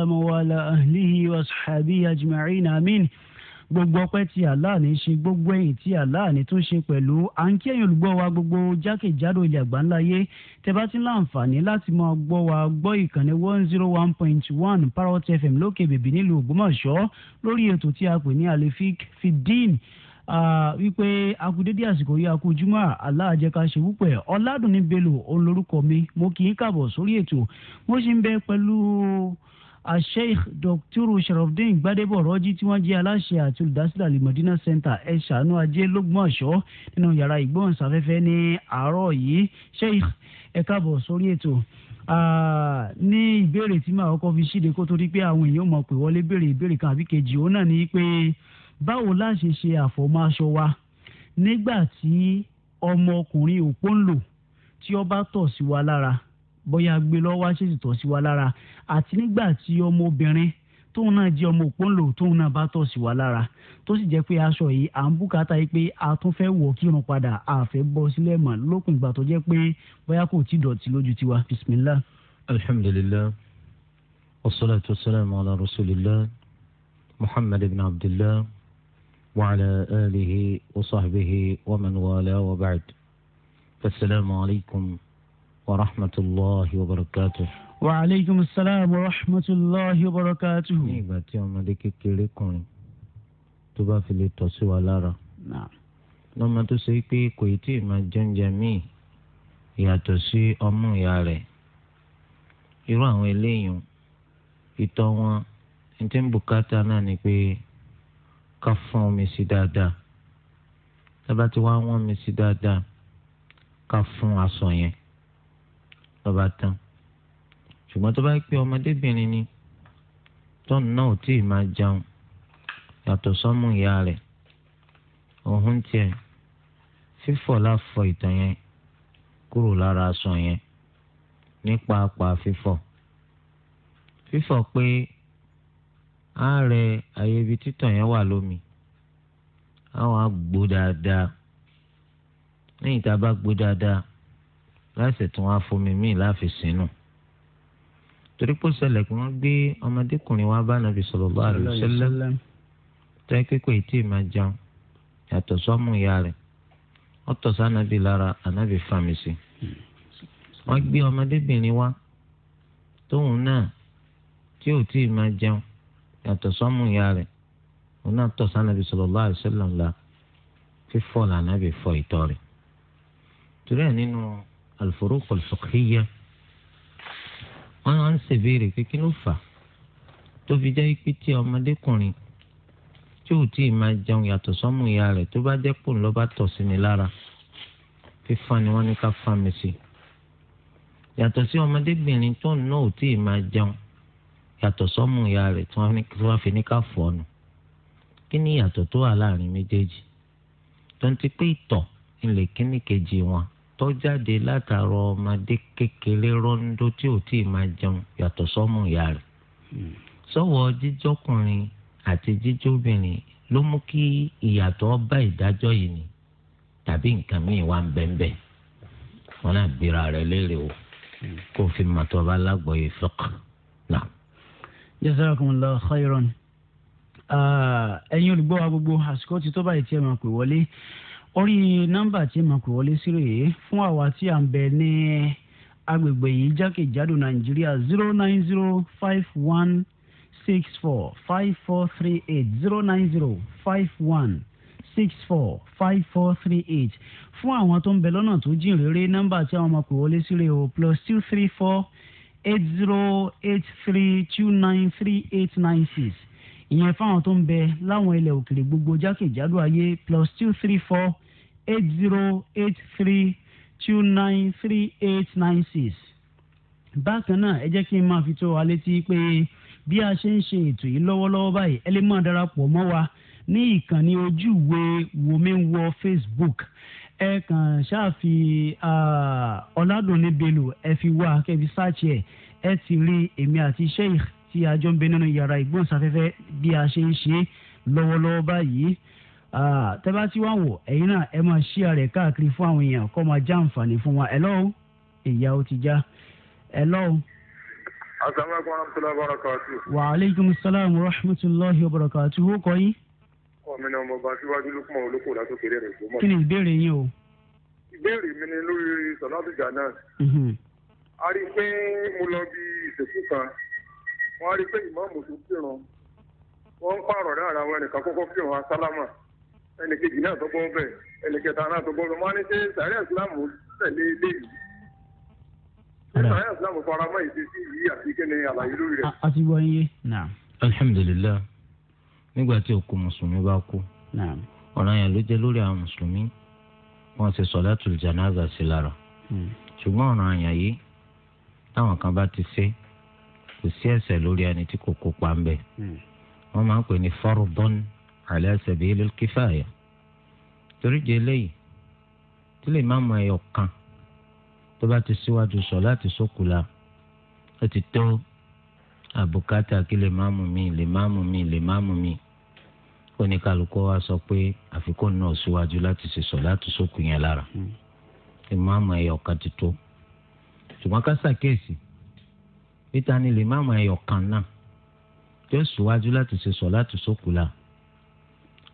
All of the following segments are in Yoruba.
وسلم وعلى أهله وأصحابه أجمعين آمين gbogbo ọpẹ́ tí Allah ní ṣe gbogbo ẹ̀yìn tí Allah ní tún ṣe pẹ̀lú à ń kí ẹ̀yin olùgbọ́ wa gbogbo jákèjádò ilẹ̀ àgbáńláyé tẹ́ bá ti ń láǹfààní láti máa gbọ́ wa gbọ́ ìkànnì one zero one point one parrot fm lókè bèbí nílùú Ògbómọ̀ṣọ́ lórí ètò tí a pè ní alefik fidin wípé akudédé àsìkò yìí akujúmọ́ aláàjẹká ṣe wúpẹ́ ọ̀làdùnní olórúkọ mi mo kì í kàbọ̀ sórí ètò mo ṣì ń bẹ pẹ̀lú asheikh dr sharafdin gbadebo rọjí tí wọ́n jẹ́ aláṣẹ àti olùdásílẹ̀ alimọdínà center ẹ ṣàánú ajé lọgbọmọṣọ nínú yàrá ìgbóhùnsáfẹ́fẹ́ ní àárọ̀ yìí sheikh ẹ káàbọ̀ sórí ètò ní ìbéèrè tí màá kọ́ fi ṣíde kó torí pé àwọn èèyàn mọ̀ pé wọlé béèrè ìbéèrè kan àbí kejì òun náà ni pé báwo la ṣe ṣe aṣọ wa ọmọkùnrin òpó ń lò tí ó bá tọ̀ sí wa lára bóyá gbé lọ́wọ́ ṣèṣì tọ̀ sí wa lára àti nígbà tí ọmọbìnrin tóun náà jẹ́ ọmọ òpónlò tóun náà bá tọ̀ sí wa lára tó sì jẹ́ pé aṣọ yìí à ń bùkátà yìí pé a tún fẹ́ wọ̀ kírun padà àfẹ́ bọ́ sílẹ̀ mọ́ lópin ìgbà tó jẹ́ pé bóyá kò tí dọ̀tí lójú tiwa bisimilá. alhamdulilayi wasalaatu wasalaamu ala rasulillah muhammad ibn abdillah wa ala alihi wa sahbihi wa man wala wa ba'd. fasalaamu warahmatulahi wabarakatu. wa aleykum salaam warahmatulahi wabarakatu. ní ìgbà tí ọmọdé kékeré kùnrin tó bá fi lè tọ̀ sí wa lára. lọ́mọ tó ṣe pé kò ì tí ì máa jẹ́ǹjẹ míì yàtọ̀ sí ọmú ìyá rẹ̀ irú àwọn eléyìí ìtọ̀ wọn ní tí ń bùkátà náà ni pé ká fọ́n omi sí dáadáa tábà tí wàá wọ́n omi sí dáadáa ká fún aṣọ yẹn lọ́ba tán ṣùgbọ́n tó bá pé ọmọdébìnrin ni tọ́ọ̀nù náà ò tíì máa jẹun yàtọ̀ sọ́mú ìyá rẹ̀ òun tiẹ̀ fífọ̀ láfọ ìtàn yẹn kúrò lára aṣọ yẹn nípa apá fífọ̀ fífọ̀ pé á rẹ àyè ibi títàn yẹn wà lómi àwọn àgbo dáadáa lẹ́yìn tá a bá gbó dáadáa láṣẹ tí wọ́n á fomi míì láfi sínú torí pé ṣẹlẹ̀ kí wọ́n gbé ọmọdékùnrin wa bá nàbì sallallahu alaihi wasallam tẹ́ pípé tí ì máa jẹun yàtọ̀ sọ́mù ìyá rẹ̀ wọ́n tọ̀ sí ànábì lára ànábì fàmìsì wọ́n gbé ọmọdébìnrin wa tóun náà tí ò tí ì máa jẹun yàtọ̀ sọ́mù ìyá rẹ̀ òun náà tọ̀ sí ànábì sallallahu alaihi wasallam la fífọ́ làǹábì fọ ìtọ́ rẹ̀ torí ẹ̀ nínú. No al-furuq al-fiqhiyya wọn á ń ṣèbéèrè pé kí ló fà tó fi jẹ́ pé tí ọmọdékùnrin tí ò tí ì máa jẹun yàtọ̀ sọ́mù ìyá rẹ̀ tó bá jẹ́ pò ń lọ́ bá tọ̀ sí ni lára fífa ni wọ́n ní ká fa mi sí yàtọ̀ sí ọmọdébìnrin tó ń ná ò tí ì máa jẹun yàtọ̀ sọ́mù ìyá rẹ̀ tí wọ́n fi ní ká fọ́ nù kí ni yàtọ̀ tó wà láàrin méjèèjì tó ń ti pé ìtọ̀ ilẹ̀ kíní wọn tó jáde látàrọ ọmọdé kékeré rọ́ńdó tí ò tí ì máa jẹun yàtọ̀ sọ́mù ìyá rẹ̀ hmm. sọ́wọ́ jíjọ́kùnrin àti jíjọ́bìnrin ló mú kí ìyàtọ̀ bá ìdájọ́ yìí ni tàbí nǹkan míì wá ń bẹ́ńbẹ́ wọn náà bira rẹ̀ léèrè o hmm. kó fi màtọ́ bá lágbọ̀ọ́yé fọ́k náà. jazakumullahu khairan ah, ẹ̀yin olùgbọ́ wa gbogbo àsìkò tí tó báyìí tí máa pè wọlé orí nọ́mbà tí mo kò wọlé sí rèé fún àwa tí à ń bẹ ní agbègbè yìí jákèjádò nàìjíríà zero nine zero five one six four five four three eight zero nine zero five one six four five four three eight fún àwọn tó ń bẹ lọ́nà tó jìn réré nọ́mbà tí àwọn ọmọ kò wọlé sí rèé o plus two three four eight zero eight three two nine three eight nine six ìyẹn fáwọn tó ń bẹ láwọn ilẹ̀ òkèèrè gbogbo jákèjádò ayé plus two three four eight zero eight three two nine three eight nine six. bákan náà ẹ jẹ́ kí n máa fi tó wa létí pé bí a ṣe ń ṣe ètò yìí lọ́wọ́lọ́wọ́ báyìí ẹ lè máa darapọ̀ mọ́ wa ní ìkànnì ojú wòmíwọ Facebook ẹ kàn ṣáàfi ọ̀làdùnní bello ẹ fi wá kẹbi sáàchì ẹ ẹ ti rí èmi àti sheikh tí a jọ ń bẹ nínú yàrá ìgbóhùnsáfẹ́fẹ́ bí a ṣe ń ṣe lọ́wọ́lọ́wọ́ báyìí tẹ́bá tí wọ́n wò ẹ̀yin náà ẹ máa ṣí ààrẹ káàkiri fún àwọn èèyàn kó máa já àǹfààní fún wa ẹ̀lọ́ o ìyá o ti já ẹ̀lọ́ o. asalaamualeykum wa rahmatulahi wa barakatu. wa aleykum salaam wa rahmatulahi wa barakatu. ó kọ́ yín. ọmọ mi náà mo bá síwájú rẹ̀ tó mọ̀. kí ni ìbéèrè yín o. ìbéèrè mi ni lórí sọ̀nà àbíjà náà. Mhm. a rí i pé mo lọ bí ìsìnkú kan wọ́n rí pé ìmáàmù tó kírun wọ́n ń pààrọ̀ lára àwọn ẹnìkan kọ́kọ́ kírun asálámà ẹnìkejì náà tó gbọ́ bẹ̀ ẹnìkẹta náà tó gbọ́ bẹ̀ wọ́n á ní ṣe sàárẹ̀ ìsìlámù tẹ̀lé léyìí sàárẹ̀ ìsìlámù faramọ́ ìṣesí yìí àti kíni àlàyé lórí rẹ̀. a ti gbọ́ iye. alhamdulilayi nígbà tí òkú mùsùlùmí bá kú ọ̀ràn yẹn ló jẹ́ lórí àwọn mùsùlùmí wọ́n ṣe sọ̀látùl jánásà sí lára hmm. ṣùgbọ́n ọ̀ràn àyà yìí táwọn kan bá ti ṣe kò sí ẹ̀ṣẹ̀ lórí ẹni tí kò kópa ń bẹ hmm. wọ́n máa ń pè ní fardun ala sabilil kifaya torí di eléyìí tí lè má mọ ẹyọ kan tó bá ti síwájú sọ láti sókùlà ó ti tó àbùkátà kí lè má mú mi lè má mú mi lè má mú mi oníkàlùkọ wa sọ pé àfikún náà síwájú láti ṣe sọ láti sókù yẹn lára ìmáàmù hmm. ẹyọ kan ti tó ṣùgbọ́n ká ṣàkíyèsí níta ni lè má máa yọ kàn náà tí ó síwájú láti ṣe sọ láti sókù la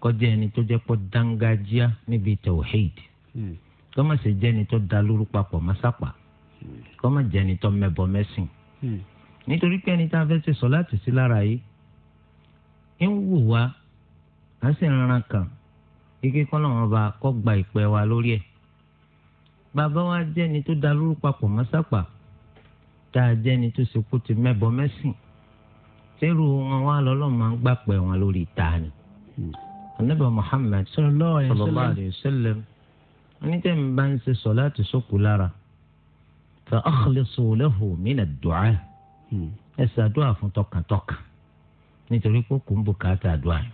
kọjá ẹni tó jẹ́ pọ́ dángájíá níbi tawhid hmm. kọ́má ṣe jẹ́ ẹni tó da lóru papọ̀ mọ́sápà hmm. kọ́má jẹ́ ẹni tó mẹ́bọ mẹ́sìn hmm. nítorí pé ẹni tá a fẹ́ ṣe sọ láti sí lára yìí ń wò wá a sì ń ran kàn kíkẹ́ kọ́nà wọn bá kọ́ gba ìpẹ́ wa lórí ẹ̀ bàbá wa jẹ́ ẹni tó da lóru papọ̀ mọ́sápà tá a jẹ́ni tó ṣe kó ti mẹ́bọ mẹ́sìn tẹ́rù wọn wá lọ́lọ́ máa ń gbà pẹ̀ wọn lórí ìta ni. anábà hmm. Muhammad sallallahu alayhi wa sallam onítẹ̀mí bá ń ṣe sọ̀láàtì sókù lára fa akhlisu lahu min ad-du'a hmm. ẹ ṣàdúrà fún tọkàntọkàn nítorí pé kò ń bùkátà àdúrà yìí.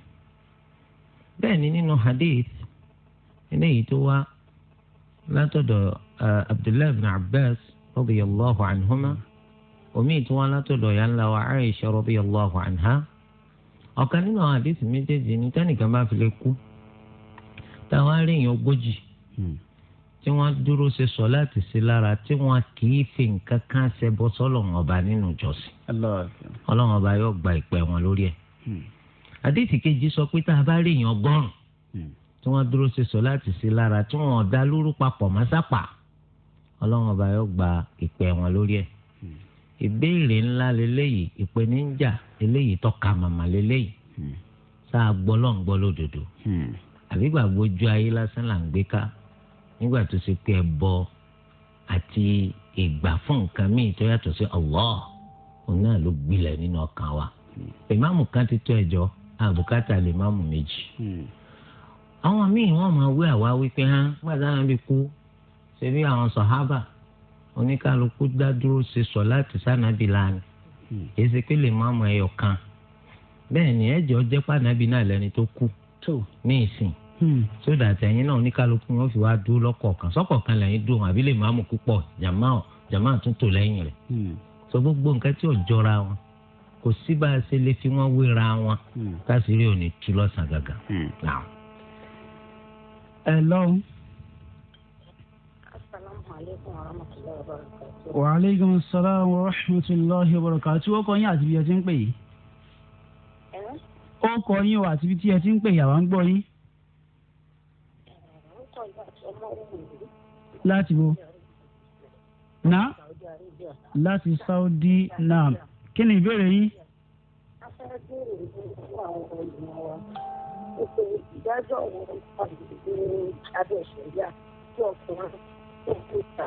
bẹ́ẹ̀ ni nínú hadith eléyìí tó wá látọ̀dọ̀ uh, abdullahi bin abbas radiyallahu anhuma. Mm omi ìtura látọ̀dọ̀ ya ńlá wa Aisha radiyallahu anha ọ̀kan nínú àwọn àdéhùn méjèèjì ní tẹ́nìkan bá fi lè kú táwọn aréèyàn ogójì tí wọ́n dúró ṣe sọ láti ṣe lára tí wọ́n kì í fi nǹkan kan ṣe bọ́ sọ́lọ́run ọba nínú ìjọsìn ọlọ́run ọba yóò gba ìpẹ́ wọn lórí ẹ̀ e. àdéhùn hmm. kejì sọ pé tá a bá aréèyàn ọgọ́rùn hmm. tí wọ́n dúró ṣe sọ láti ṣe lára tí wọ́n ọ̀dá lóru papọ̀ mọ́sápà ọlọ́run ọba yóò gba ìpẹ́ wọn lórí ẹ̀ e. ìbéèrè ńlá nla ìpèníjà eléyìí tọ́ka màmá leléyìí sáà hmm. gbọ́lọ́ ń gbọ́ lódodo hmm. àbí gbàgbọ́ ojú ayé lásán là ń gbé ká nígbà tó ṣe pé ẹbọ àti ìgbà fún nǹkan míì tó yàtọ̀ sí Allah òun náà ló wa hmm. ìmáàmù kan ti tó ẹjọ́ àbùkátà lè máàmù méjì àwọn míì máa àwa wípé hàn bí kú oníkálukú dá dúró ṣe sọ láti sànàbì lánàá hmm. kì í ṣe pé lè má mọ ẹyọ kan bẹ́ẹ̀ ni ẹjọ́ jẹ́ pànàbì náà lẹ́ni tó kù ní ìsìn hmm. sódà tẹ̀yìn náà oníkálukú wọn fi wá dúró lọ́kọ̀ọ̀kan sọ́kọ̀ọ̀kan lẹ́yìn dúró àbí lè má mú púpọ̀ jàmá jàmá tún tò lẹ́yìn rẹ̀ hmm. sọ gbogbo nǹkan tí ò jọra wọn kò sí bá a ṣe lè fi wọn wéra wọn káṣírí ò ní tú lọ́sàn gàgà. ẹ lọ́hùn aleykum wa rahmatulahi wa barakatu. wa aleykum salaam wa rahmatulahi wa barakatu. ó kọ́ yín àti bí ẹ ti ń pè yìí. ó kọ́ yín o àti bí ẹ ti ń pè yìí ń gbọ́ yín. láti wo na láti Saudi naam kí ni ìbéèrè yín. a fẹ́ bèrè fún abẹ́ ìṣẹ̀lẹ̀ tí ọkùnrin kọ̀ǹpútà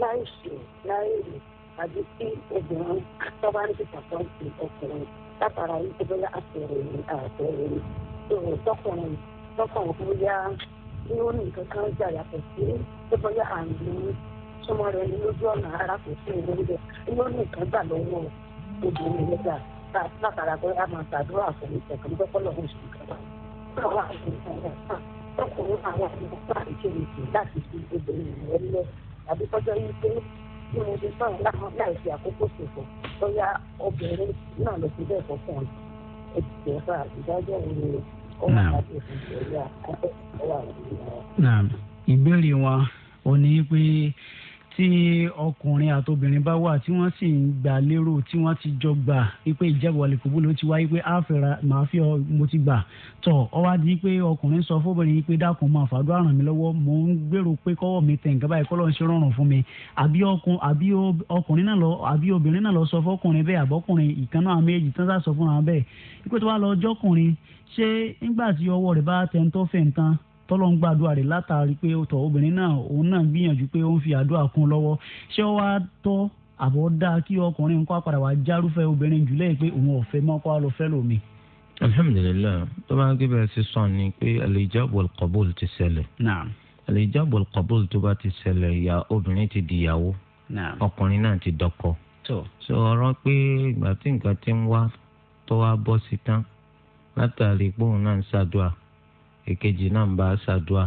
láì ṣe láì rè àbí tí obìnrin tó bá ń dìtàkọ́ǹtì ọkùnrin látara yìí bóyá àtẹ̀rẹ̀ ni àtẹ̀rẹ̀ ni tòun tọkùnrin tọkùnrin bóyá ní ó ní nǹkan kan jà yàtọ̀ sí tó bóyá àmì súnmọ́ rẹ ní lójú ọ̀nà ara kò sí olóúnjẹ ní ó ní nǹkan gbà lọ́wọ́ obìnrin yẹn gbà látara pé a máa gbàdúrà fún ìtẹ̀kọ́ ní pẹ́pẹ́ lọ́wọ́ ìṣèlú tọkùnrin náà wà fún bàbá ìkéyìí láti fi obìnrin rẹ̀ lẹ̀ tàbí kọjọ́ yìí pé bí mo ṣe sọ̀rọ̀ láwọn láì fi àkókò ṣòfò bóyá obìnrin náà lọ sí bẹ́ẹ̀ fọ́fún mi ètùtù ẹ̀fà ìdájọ́ wo ni ó wà láti fún ìṣẹ̀lẹ̀ àkọ́kọ́ ìbéèrè wọn ò ní pé tí ọkùnrin àtobìnrin bá wà tí wọ́n sì ń gbà lérò tí wọ́n ti jọ gbà wípé ìjẹ́bù àlèkùbú ló ti wáyé pé àfẹ́ra màá fi ọ mo ti gbà tọ̀ ọ wá di pé ọkùnrin sọ fóbìnrin yìí pé dákun máa fàdúrà ràn mí lọ́wọ́ mò ń gbèrò pé kọ́wọ́ mi tẹ̀ nǹkan báyìí kọ́lọ́ ń ṣe rọrùn fún mi àbí ọkùnrin náà lọ àbí obìnrin náà lọ sọ fọkùnrin bẹ́ẹ̀ àbọ́kùnrin ìkan náà méjì tán sá sọ fún àwọn bẹ́ẹ̀ wípé ṣé nígbà tí ọwọ́ rẹ̀ bá tẹ̀ ń tọ́ fẹ̀ ń tán tọ́lọ́ ń gbàdúrà rẹ̀ látàrí pé ó tọ̀ obìnrin náà òun náà gbìyànjú pé ó ń fi àdúrà kún lọ́wọ́ ṣé ó wá tọ́ àbọ̀ dá kí ọkùnrin kó apàdà wá járúfẹ́ obìnrin jùlẹ̀ pé òun ò fẹ́ mọ́ kó a lọ lómi. alhamdulilayi tó bá ń gbé bẹ́ẹ̀ sí sàn ni pé al-ijab wal-qabul ti ṣẹlẹ̀ al-ijab wal-qabul tó bá ti ṣẹlẹ̀ ìyá obìnrin ti dìyàwó ọkùnrin náà ti dọkọ. sọ ọ̀rọ̀ pé ìgbà tí nǹkan ti ń wá tó wá bọ́ sí tán látàrí pé òun náà ń ṣàdúrà èkejì náà ń bá a ṣàdúà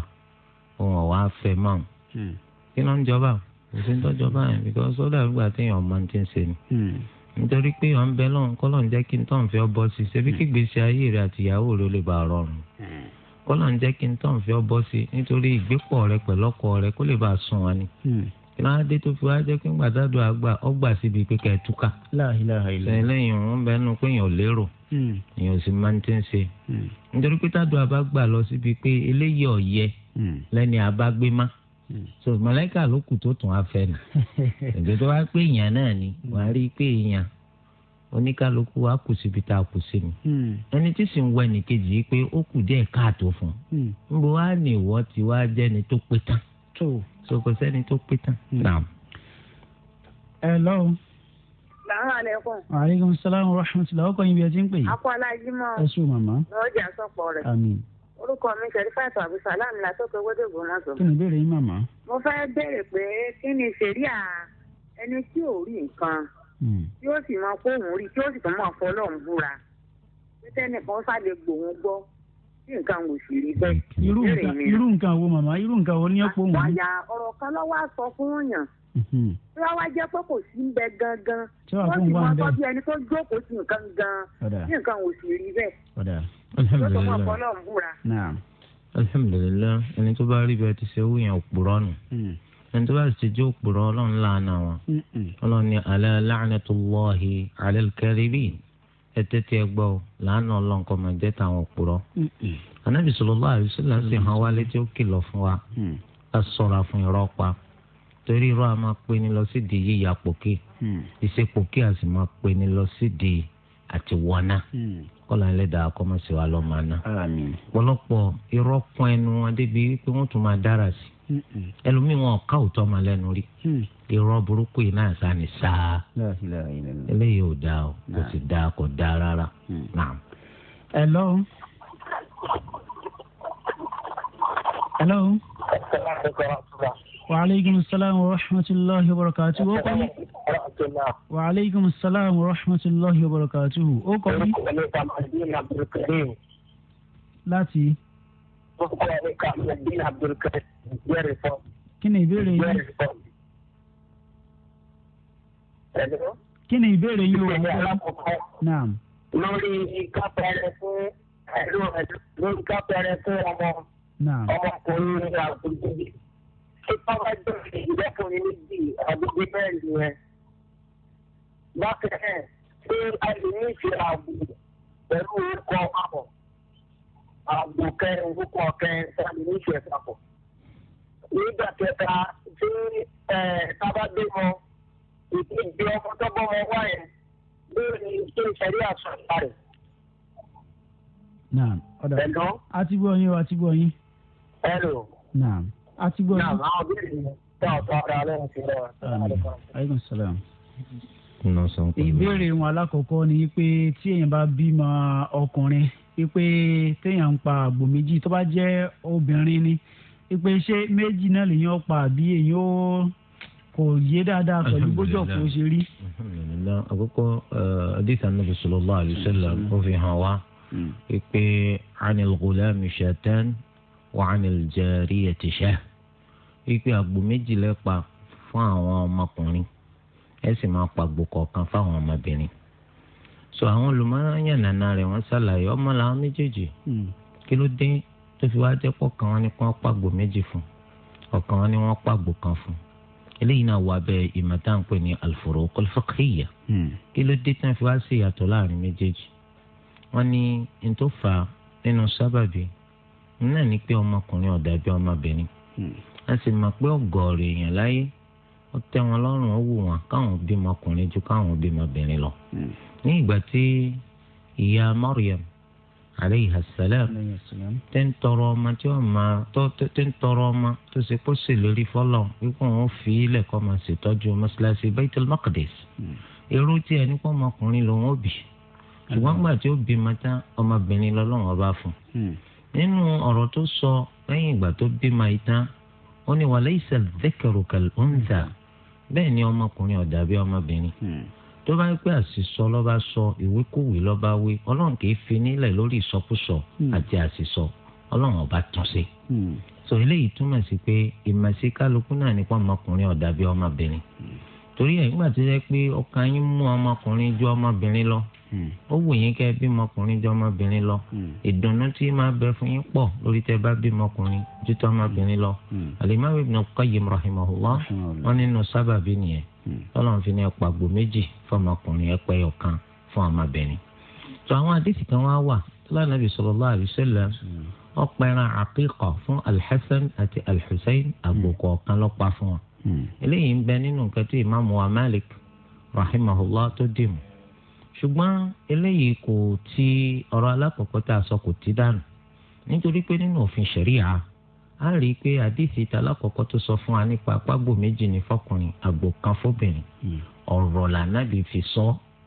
òun ọ̀wá fẹ́ mọ́ ọ́n hmm. kí ló ń jọba òsì ń tọ́jọba yẹn because ó dàbí gbà téèyàn ọmọ ti ń ṣe ni hmm. nítorí pé ọ̀n bẹ lọ́n kọ́ lọ́n jẹ́ kí n tọ́n fẹ́ bọ́ sí i ṣebí kí hmm. gbèsè ayé rẹ̀ àti ìyàwó rẹ̀ lè bá rọrùn kọ́ lọ́n jẹ́ kí n tọ́n fẹ́ bọ́ sí i nítorí ìgbépọ̀ rẹ̀ pẹ̀lọ́kọ rẹ̀ kó lè bá a sùn wá ni kí dé tó fi wá jẹ́ kí ń gbàdádù àgbà ọgbà síbi pé kẹ́ ẹ̀ túká. sẹ́yìn lẹ́yìn bẹnu pé èèyàn lérò hmm. èèyàn sì máa ń tí ń ṣe. Hmm. nítorí pé tádùn lọ síbi pé eléyìí ọ̀yẹ hmm. lẹ́ni má. so mọ̀lẹ́kà ló kù tó tún afẹ́ nù. ni wàá rí i pé èèyàn wa kù síbi tá a kù sí mi. ẹni tí sì ń yìí pé ó kù sọkọ sẹ́ni tó pé tán. ẹ lọ́wọ́ salaamaleykum. aleykum salaam wa rahmatulah ọkọ yín bí ẹ ti ń pè. akọ alájímọ. ẹ sùn màmá. lọ́jà sọ̀pọ̀ rẹ̀. àmín. orúkọ mi sẹ̀rífàtì abdulsalam látọ́kọ̀ ewédè gbọ́mọ̀sọ̀. kí ni ìbéèrè yín màmá. mo fẹ́ béèrè pé kí ni ṣẹ̀ríà ẹni tí ò rí nǹkan hmm. tí ó sì mọ kó òun rí tí ó sì tún mọ̀ fọlọ́run búra nǹkan wò sí rí bẹ́ẹ̀. irú nǹkan wo màmá irú nǹkan wo ní ọ̀pọ̀ wọn. àgbàyà ọ̀rọ̀ kan lọ́wọ́ sọ fún yàn. Mhm. tí wọ́n wá jẹ́ pé kò sí ń bẹ gangan. wọ́n sì wọ́n tọ́ bí ẹni tó jókòó sí nǹkan gan-an ní nǹkan wò sí rí bẹ́ẹ̀. alhamdulilayi ẹni tó bá rí bẹ́ẹ̀ ti ṣe wúyàn òpùrọ́ nù hmm. ẹni tó bá sì jẹ́ òpùrọ́ ọlọ́run láàánú wọn hmm, hmm. ọlọ́run ni alẹ́ láàánú tó lọ́ọ̀hìn alẹ́ kẹrìbì ẹ tẹ́tí ẹ gbọ́ làánà ọlọ́nkọ́ máa jẹ́ tàwọn òpùrọ́. anábì sallallahu alaihi wasallam sì hàn wá létí ó kìlọ̀ fún wa mm. ká sọ̀ra fún irọ́ pa torí irọ́ a máa pè ní lọ sídìí yíya pòkè ìṣe mm. pòkè a sì máa pè ní lọ sídìí àti wọnà mm. kọ́lá ẹlẹ́dàá kọ́mọ̀sí wa lọ́ọ́ máa ná. pọ̀lọpọ̀ irọ́ pọ́n ẹnu wọn débi pé wọ́n tún máa dára sí ẹlòmíì wọn ò máa lẹ́nu rí irọ́ burúkú yìí náà sani sáá eléyìí ò dáa o kò sì dáa kò dáa rárá. Hmm. hello. hello. wa aleykum salaam wa rahmatulahi wa barakatuh o kọ́ mi. wa aleykum salaam wa rahmatulahi wa barakatuh o kọ́ mi. láti. kí ni ìbéèrè yín. Hello. kí ni ìbéèrè yìí o. ìbéèrè alákọ̀ọ́kọ́. naam. lórí kápẹ́rẹ́ fún ẹ̀rọ lórí kápẹ́rẹ́ fún ọmọ ọmọkùnrin ní àgbègbè tí wọ́n bá jọ ìdẹ́kùnrin méjì àgbègbè bẹ́ẹ̀ ni ẹ. bákan náà ṣé a lè ní ìṣe ààbò pẹ̀lú orúkọ papọ̀ ààbò kẹrin orúkọ kẹrin ṣé a lè ní ìṣe papọ̀. nígbà kẹta ṣé ẹ tábàdé mọ́. ìdí ọkọ tó bọ́ ọmọ wá yẹn lórí ṣé ìṣẹ̀rí àṣàkà rẹ̀. naam ọ̀dà a ti gbọ́ yín o a ti gbọ́ yín. ni pé tí èèyàn bá bímọ ọkùnrin pé téèyàn ń pa àgbò méjì tó bá jẹ́ obìnrin ni kò yé dáadáa pẹ̀lú bójú ọ̀pọ̀ ṣe rí. àkókò adisa nabi sallallahu alayhi wa sallam mm. ó fi hàn wá pé anil gulami shatan wa anil jariyati shah wípé àgbò méjì lẹ́pa fún àwọn ọmọkùnrin ẹ sì máa pàgbò kọ̀ọ̀kan fáwọn ọmọbìnrin so àwọn olùmọ̀ràn nànà rẹ̀ wọ́n ṣàlàyé ọmọ làwọn méjèèjì mm. kí ló dé tó fi wá jẹ́pọ̀ kan wọn ni wọ́n pàgbò méjì fún ọ̀kan wọn ni wọ́n pàgbò kan fún eléyìí náà wà bẹ ìmọ̀ tá à ń pè ní al-furuq al-fiqhiyya hmm. kí ló dé tán fi wá sí ìyàtọ̀ láàrin méjèèjì wọ́n ní n tó fà á nínú sábàbí náà ní pé ọmọkùnrin ọ̀dà bí ọmọbìnrin hmm. a sì mọ̀ pé ọ̀gọ̀ọ̀rọ̀ èèyàn láyé ó tẹ́ wọn lọ́rùn ó wù wọn káwọn bímọ ọkùnrin ju káwọn bímọ obìnrin lọ hmm. ní ìgbà tí ìyá Maryam aleyhi salam tẹ́ ń tọrọ ọmọ tí wọ́n máa tẹ́ ń tọrọ ọmọ tó ṣe kó sì lórí fọlọ́ wípé wọ́n fi ilẹ̀ kọ́ máa ṣètọ́jú mọ́ṣáláṣí Baitul Maqdis èrò tí ẹni pọ́ ọmọkùnrin lòun ò bì ṣùgbọ́n gbà tí ó bí mata ọmọbìnrin lọ́lọ́run ọba fún nínú ọ̀rọ̀ tó sọ lẹ́yìn ìgbà tó bí ma ìtàn ó ní walaysa dhakaru kal untha bẹ́ẹ̀ ni ọmọkùnrin ò dà bí ọmọbìnrin tó bá ń pẹ́ àṣìsọ lọ́ba sọ ìwékòwé lọ́ba wé ọlọ́run kì í fi nílẹ̀ lórí ìsọkúsọ hmm. àti àṣìsọ ọlọ́run ọba tún sí. Hmm. sọ eléyìí túmọ̀ sí pé ìmọ̀sí kálukú náà nípa ọmọkùnrin ọ̀dà bíi ọmọbìnrin hmm. torí ẹ̀ nígbà tó yẹ pé ọkàn yín mú ọmọkùnrin ju ọmọbìnrin lọ ó wù yín kẹ́ bí ọmọkùnrin ju ọmọbìnrin lọ ìdùnnú tí máa bẹ fún yín pọ̀ lórí tẹ́ bá bí ọmọkùnrin ju tọmọbìnrin lọ Al-Imam Ọlọ́run fi ní ẹpà àgbò méjì fọmọkùnrin ẹpẹ ọ̀kan fún ọmọbìnrin. tó àwọn àdéhìí kan wá wà tó bá nàbì sallallahu alaihi wasallam ó pẹran àkíkà fún alḥasan àti alḥusain àgbò hmm. kọ̀ọ̀kan lọ́pàá fún wọn. Hmm. eléyìí ń bẹ nínú nǹkan tí ìmáàmù wa Malik rahimahullah tó dì mú ṣùgbọ́n eléyìí kò ti ọ̀rọ̀ alákọ̀ọ́kọ́ tá a sọ kò ti dànù nítorí pé nínú òfin ṣẹ̀ríà a rí i pé àdìsí ta lákọ̀ọ́kọ́ tó sọ fún wa nípa apágbò méjì ní fọkùnrin àgbò kan fóbìnrin hmm. ọ̀rọ̀ lànàbì fi sọ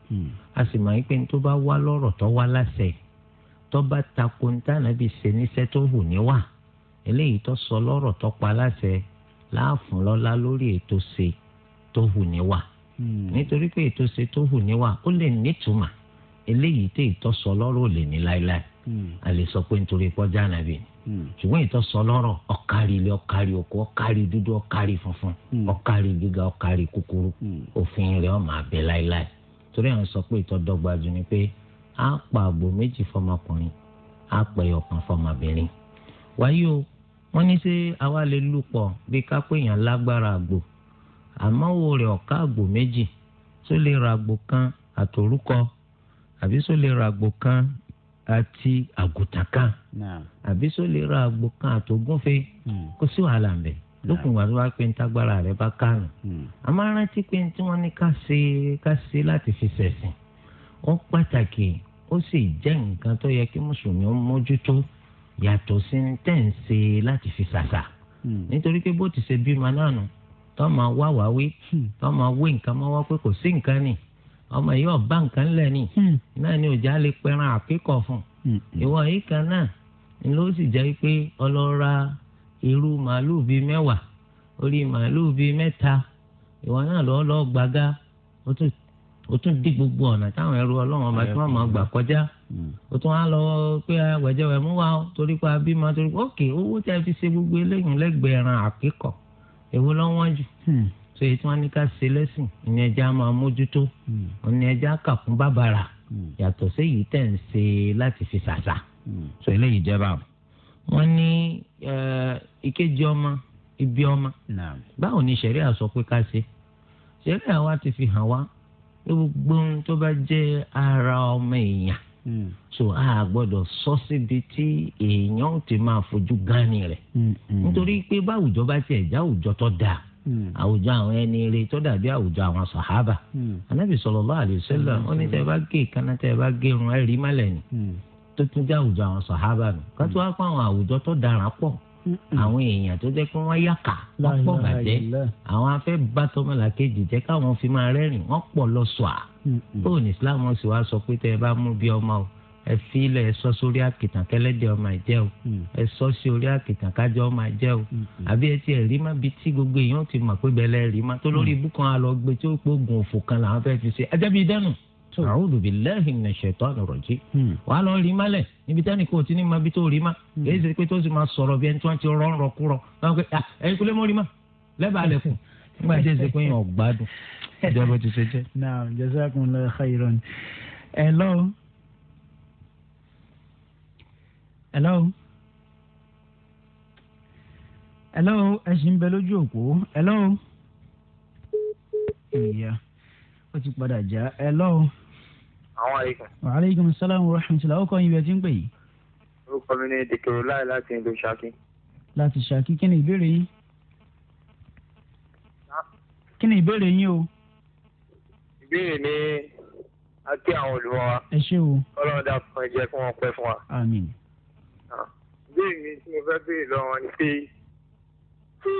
hmm. a sì máa ń pè ní tó bá wá lọ́rọ̀ tó wá láṣẹ tó bá tako ní tànàbì ṣe níṣẹ́ tó hù níwà eléyìí tó sọ lọ́rọ̀ tó pa láṣẹ láàfún lọ́lá lórí ètò ṣe tó hù níwà hmm. nítorí pé ètò ṣe tó hù níwà ó lè nítumà eléyìí tó ìtọ́sọ lọ́rọ̀ ò lè ní láéláé a lè sọ pé nítorí pọ́jà nàbì ni. ṣùgbọ́n ìtọ́ sọ lọ́rọ̀ ọ̀kárí ilé ọ̀kárí oko ọ̀kárí dúdú ọ̀kárí funfun ọ̀kárí gíga ọ̀kárí kúkúrú òfin rẹ̀ ọ̀ máa bẹ láéláé torí àwọn sọ pé ìtọ́ dọ́gba jù ni pé á pa àgbò méjì fọmọkùnrin á pẹ̀ ọ̀kan fọmọbìnrin wáyé o wọ́n ní ṣé àwa lè lù pọ̀ bí kápẹ́ èèyàn lágbára àgbò àmọ́ wo rẹ̀ ọ̀ká àgbò méjì tó lè ra àgbò kan àtòrúkọ àbí tó lè ra àgbò kan àti àgùntàn kan àbí sọ lè ra àgbo kan àtògúnfe hmm. kó sí wàhálà ń bẹ lókun ìwà tó bá pé ntágbára rẹ bá kánù hmm. a máa rántí pé tí wọn ní ká ṣe ká ṣe láti fi ṣẹ̀sìn ó pàtàkì ó sì jẹ́ nǹkan tó yẹ kí mùsùlùmí ó mójútó yàtọ̀ sí tẹ̀ ń ṣe láti fi ṣàṣà hmm. nítorí pé bó ti ṣe bímọ náà nù tó máa wá wá wí tó máa wé nǹkan máa wá pé kò sí nǹkan nì ọmọ yìí ọba nǹkan lẹ̀ ni hmm. náà ni òjá lè pẹran àkíkọ̀ fún hmm. ìwọ yìí kan náà ni ló sì jẹ́ pé ọlọ́ra irú màálù bíi mẹ́wàá orí màálù bíi mẹ́ta ìwọ náà lọ́ lọ́ gbàgá o tún di gbogbo ọ̀nà táwọn ẹrú ọlọ́run ọba tí wọ́n máa hmm. gbà kọjá o tún á lọ pé wẹ̀jẹ̀wẹ̀ mú wa torí pa bímọ torí pa ókè owó tí a fi ṣe gbogbo eléyìí lẹ́gbẹ̀ẹ́ ẹran àkíkọ̀ èwo lọ́wọ́n jù so èyí tí wọ́n ní ká ṣe lẹ́sìn ní ẹja máa mójútó hmm. ní ẹja kàkún bàbàrà hmm. yàtọ̀ sí èyí tẹ̀ ń ṣe láti fi ṣàṣà hmm. so eléyìí jẹba wọ́n ní ìkejì ọmọ ibi ọmọ báwo ni ṣẹ̀ríà sọ pé ká ṣe ṣẹ̀ríà wa ti fi hàn wá gbogbo ohun tó bá jẹ ara ọmọ èèyàn so a gbọdọ sọ síbi tí èèyàn ti máa fojú gánni rẹ̀ nítorí pé báwùjọ bá ti já àwùjọ tó dáa Hmm. àwùjọ àwọn ẹni rè tó dàbí àwùjọ àwọn sàhábà anábì hmm. sallallahu alaihi wasallam hmm. ó ní tẹ́ bá gé ìkànnà tẹ́ bá gérun ẹ rí mọ́lẹ̀ ni tó tún jẹ́ àwùjọ àwọn sàhábà nù ká tó wá fún àwọn àwùjọ tó dára pọ̀ àwọn èèyàn tó jẹ́ pé wọ́n yàkà wọ́n pọ̀ bàjẹ́ àwọn afẹ́ bá tọmọlàkejì jẹ́ káwọn fi máa rẹ́rìn wọ́n pọ̀ lọ́sọ̀à bóun Islam wọn sì wá sọ pé tẹ́ bá mú bí ọmọ o ẹ fi ilẹ̀ ẹ sọ sórí àkìtàn kẹlẹ́dẹ̀ ọmọ ẹ̀jẹ̀ o hmm. ẹ sọ sí orí àkìtàn kájọ ọmọ ẹ̀jẹ̀ o hmm. àbí ẹ ti ẹ̀ rí má bi tí gbogbo èèyàn ti mọ̀ pé bẹ́lẹ̀ rí má tó lórí hmm. ibú kan àlọ́ gbé tí ó gbógun òfò kan làwọn fẹ́ fi ṣe ẹjẹ́ bíi dẹ́nu a'udhu billahi minash shaitani rajim wàá lọ rí má lẹ̀ níbi tẹ́ni kò tí ní ma bí tó rí má èyí ṣe pé tó sì máa sọ̀rọ̀ bí ẹni tí ah, hello. hello hello ẹ ṣì ń bẹ lójú òpó hello ìyá ó ti padà já hello. àwọn àyíká. wa salaam wa rahmatullahi ó kọ́ yín bí ẹ ti ń pè yìí. orúkọ mi ni dèkèrò láì láti ìlú Ṣakí. láti Ṣakí kí ni ìbéèrè yín. kí ni ìbéèrè yín o. ìbéèrè ni a kí àwọn olùwọ́ wa. ẹ ṣé o. ọlọ́run dá fún ẹ jẹ́ kí wọ́n pẹ́ fún wa. àmín ìbéèrè mi tí mo fẹ́ béèrè lọ́wọ́ ni pé tí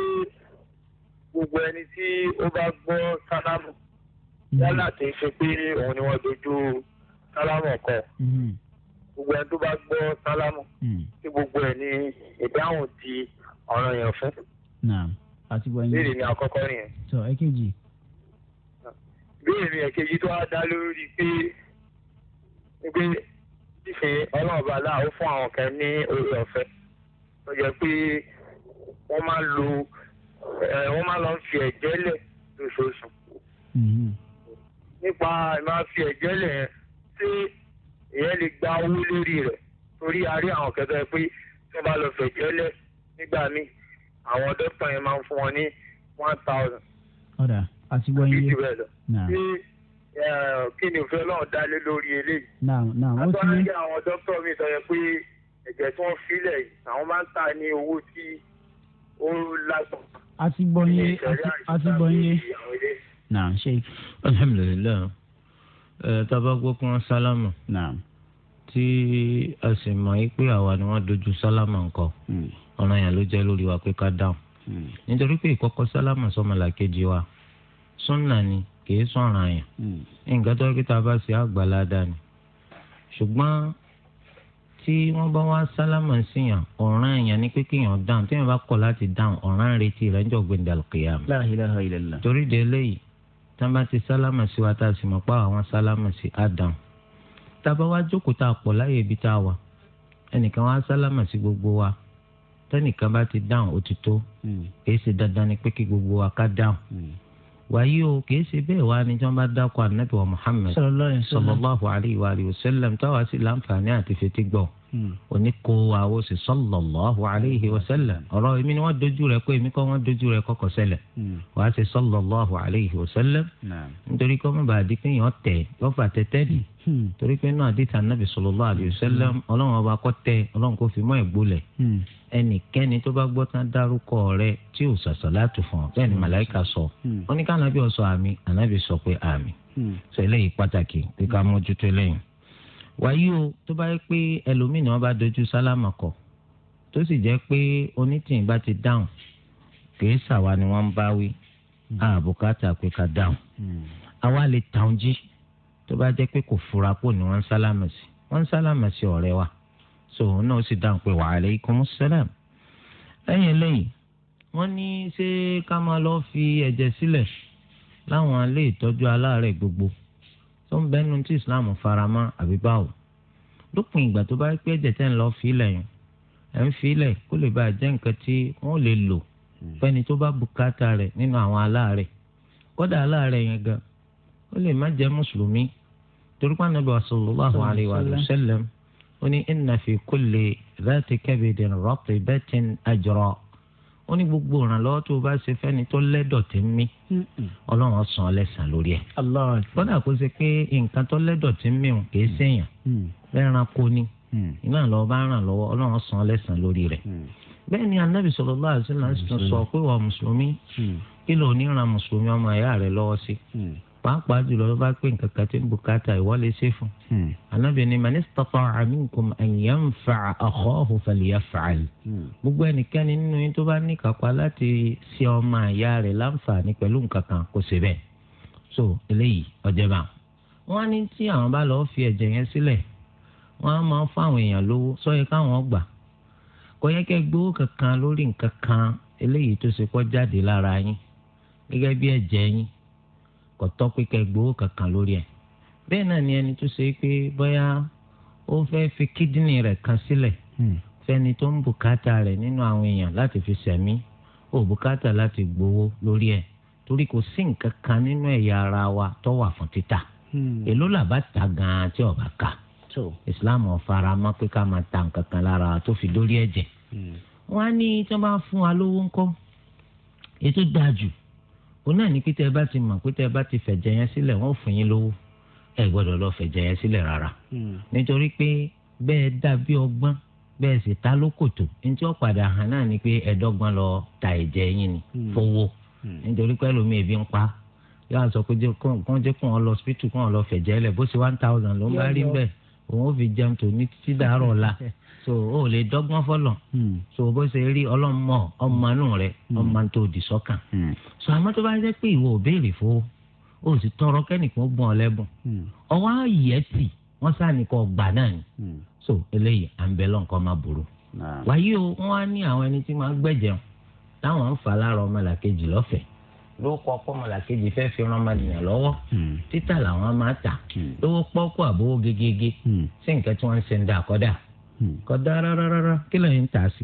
gbogbo ẹni tí ó bá gbọ́ sálámù mm-hmm. yálà tí ń ṣe pé òun ni wọ́n dojú sálámù kọ mm-hmm. gbogbo ẹni tó bá gbọ́ sálámù tí mm-hmm. gbogbo ẹ̀ ní ìdáhùn di ọ̀ràn yẹn fún. béèrè mi àkọ́kọ́ nìyẹn. sọ èkejì. béèrè mi èkejì tó wá dá lórí pé pé ṣe ọlọ́ọ̀bá láàrú fún àwọn kan ní orí ọ̀fẹ́ tó jẹ́ pé wọ́n máa ń lo wọ́n máa ń lọ fi ẹ̀jẹ̀ lẹ̀ lóṣooṣù. Mm-hmm. nípa máa fi ẹ̀jẹ̀ lẹ̀ ṣé ìyẹn lè gba owó lórí rẹ̀ torí a rí àwọn kẹ̀kẹ́ pé tí wọ́n bá lọ fẹ̀jẹ̀ lẹ̀ nígbà míì àwọn dókítà yẹn máa ń fún wọn ní one thousand. ọ̀dà àti wọ́n yé. ṣé kí ni òfin ọlọ́run dá lé lórí eléyìí. àtọ́nayé àwọn dókítà mi sọ yẹn pé ẹ̀jẹ̀ tí wọ́n filẹ̀ àwọn máa ń ta ní owó tí ó lágbọ̀n. a ti gbọ́ yé a ti gbọ́ yé naam sheik. alhamdulilayi tabagbo kan sálámà. naam tí a sì mọ̀ yí pé àwa ni wọ́n dojú sálámà ńkọ hmm. ọ̀ràn yẹn ló jẹ́ lórí wa pé ká dáhùn hmm. nítorí pé ìkọ́kọ́ sálámà sọ́mọlàkejì wa súnà ni kì í sọ̀ràn àyàn hmm. nǹkan tó kíta bá ṣe àgbàládá ni ṣùgbọ́n tí wọ́n bá wá sálámà síyàn ọ̀ràn èèyàn ni pé kéèyàn dáhùn téèyàn bá kọ̀ láti dáhùn ọ̀ràn retí rẹ̀ ń jọ gbẹ̀ndà kìyàm. La ilaha illallah. torí de eléyìí tá a bá ti sálámà sí wa tá a sì mọ̀ pa àwọn sálámà sí àdáhùn tá a bá wá jókòó tá a pọ̀ láyè ibi tá a wà ẹnìkan wá sálámà sí gbogbo wa tẹnìkan bá ti dáhùn òtítọ́ hmm. kìí ṣe dandan ni pé kí gbogbo wa ká dáhùn hmm wàyí o kìí ṣe bẹ́ẹ̀ wá ní tí wọ́n bá dákọ̀ ànábì wa Muhammad sallallahu alayhi wa sallam táwa sì láǹfààní àti fetí gbọ́ oníkó àwọn sì sallallahu alayhi wa sallam ọ̀rọ̀ èmi ni wọ́n dojú rẹ̀ kó èmi kọ́ wọ́n dojú rẹ̀ kọ́kọ́ ṣẹlẹ̀ hmm. wàá sì sallallahu alayhi wa sallam nítorí kọ́ mọ̀bà àdìpín yàn tẹ̀ lọ́fà tẹ́tẹ́ dì hmm. torí pé náà àdìtà nàbì sallallahu alayhi wa sallam ọlọ́run ọba kọ́ tẹ ọlọ́run kò fi mọ́ ẹ̀gbọ́lẹ̀ hmm. ẹnikẹ́ni tó bá gbọ́ tán dárúkọ rẹ̀ tí ò sàṣàlátù fún ọ bẹ́ẹ̀ ni màláìka sọ oníkànnàbí ọ̀sọ́ sọ àmì sọ wàyí o tó bá yẹ pé ẹlòmíràn wọn bá dojú sálámà kọ tó sì jẹ́ pé onítìyìn bá ti dáhùn kìí ṣàwa ni wọ́n ń bá wí àbùkátà pé ká dáhùn àwa lè tàn jí tó bá jẹ́ pé kò fura pò ní wọ́n ń sálámà sí wọ́n ń sálámà sí ọ̀rẹ́ wa so òun náà sì dáhùn pé wa alaykumus salam lẹ́yìn eléyìí wọ́n ní ṣé ká máa lọ fi ẹ̀jẹ̀ sílẹ̀ láwọn ilé ìtọ́jú aláàárẹ̀ gbogbo tó ń bẹnu tí islam farama àbí báwo lópin ìgbà tó bá pẹ́ ẹ̀jẹ̀ tẹ́ ń lọ fílẹ̀ yẹn ẹ̀ ń fílẹ̀ kó lè bá jẹ́ nǹkan tí wọ́n lè lò hmm. fẹ́ni tó bá bùkátà rẹ̀ nínú àwọn aláàárẹ̀ kódà aláàárẹ̀ yẹn gan ó lè má jẹ́ mùsùlùmí torí pé Ànábì sallallahu alayhi wa sallam ó ní inna fi kulli dhati kabidin ratibatin ajra ó ní gbogbo ìrànlọ́wọ́ tó o bá ṣe fẹ́ni tó lẹ́dọ̀ tí ń mí ọlọ́run ọ̀sán ọlẹ́sàn lórí ẹ̀. kódà kó ṣe pé nǹkan tó lẹ́dọ̀ tí ń mí kì í ṣèyàn ẹranko ni iná lọ bá ràn lọ́wọ́ ọlọ́run ọ̀sán ọlẹ́sàn lórí rẹ̀. bẹ́ẹ̀ ni anabi sallallahu alaihi wasallam sọ pé wà mùsùlùmí kí ló ní ran mùsùlùmí ọmọ ẹ̀yà rẹ̀ lọ́wọ́ sí pàápàá jùlọ ló bá pé nǹkan kan tí ń bùkátà ìwọ lè ṣe fún. anábìnrin hmm. man istata'a minkum an yanfa'a akhahu falyaf'al. Hmm. gbogbo ẹnikẹ́ni nínú yín tó bá ní kápá láti ṣe ọmọ àyá rẹ̀ láǹfààní pẹ̀lú nǹkan kan kò ṣe bẹ́ẹ̀. so eléyìí ọ̀jẹ̀bà. wọ́n ní tí àwọn bá lọ́ọ́ fi ẹ̀jẹ̀ yẹn sílẹ̀ wọ́n á máa fún àwọn èèyàn lówó sọ káwọn gbà. kò yẹ kẹ́ gbowó kankan lórí nǹkan kan eléyìí tó ṣe kọ́ jáde lára yín gẹ́gẹ́ bí ẹ̀jẹ̀ yín kò tọ́ pé kẹ́ gbowó kankan lórí ẹ̀ bẹ́ẹ̀ náà ni ẹni tó ṣe pé bóyá ó fẹ́ fi kídìnì rẹ̀ kan sílẹ̀ hmm. fẹ́ni tó ń bùkátà rẹ̀ nínú àwọn èèyàn láti fi sẹ̀mí ó bùkátà láti gbowó lórí ẹ̀ torí kò sí nǹkan kan nínú ẹ̀yà ara wa tó wà fún títà hmm. èló làbá ta gan-an tí ọba ká Islam ọ̀fara má pé ká máa ta nǹkan kan lára tó fi dórí ẹ̀jẹ̀ hmm. wọ́n á ní tí wọ́n bá fún wa lówó ńkọ́ ètò dáa jù òun náà ní pé tẹ́ ẹ bá ti mọ̀ pé tẹ́ ẹ bá ti fẹ̀jẹ̀ yẹn sílẹ̀ wọ́n fún yín lówó ẹ gbọ́dọ̀ lọ fẹ̀jẹ̀ yẹn sílẹ̀ rárá hmm. nítorí pé bẹ́ẹ̀ dàbí ọgbọ́n bẹ́ẹ̀ sì ta lókòtò ní tí ó padà hàn náà ni pé ẹ̀dọ́gbọ́n lọ ta ẹ̀jẹ̀ yín ni hmm. fowó hmm. nítorí pé ẹlòmíì ebi ń pa yóò á sọ pé kàn jẹ́ kàn lọ hospital kàn lọ fẹ̀jẹ̀ lẹ̀ bó ṣe one thousand ló ń bá rí bẹ́ẹ̀ òun ò fi jẹun tòní títí dàárọ̀ la so o lè dọ́gbọ́n fọlọ̀ hmm. so bó ṣe rí ọlọ́mọ ọmọnú rẹ ọmọ hmm. tó di sọ́kàn hmm. so àmọ́ tó bá jẹ́ pé ìwọ ò béèrè fún o sì tọrọ kẹ́nìkan gbọ́n ọlẹ́bùn ọwọ́ ayẹ́ sì wọ́n sá ní kọ́ gbà náà ni so eléyìí à ń bẹ lọ́nkọ́ máa burú wáyé o wọ́n á ní àwọn ẹni tí máa gbẹ̀jẹun táwọn ń fà lára ọmọlàkejì lọ́fẹ̀ẹ́ ló kọ ọkọ mọlàkejì fẹẹ fi ran ọmọnìyàn lọ́wọ́ títà làwọn máa tà lówó pọkú àbówó gegege sí nǹkan tí wọn ń ṣe ń da. kọdà Hmm. kò dára rárá kí lóyún ń tà á sí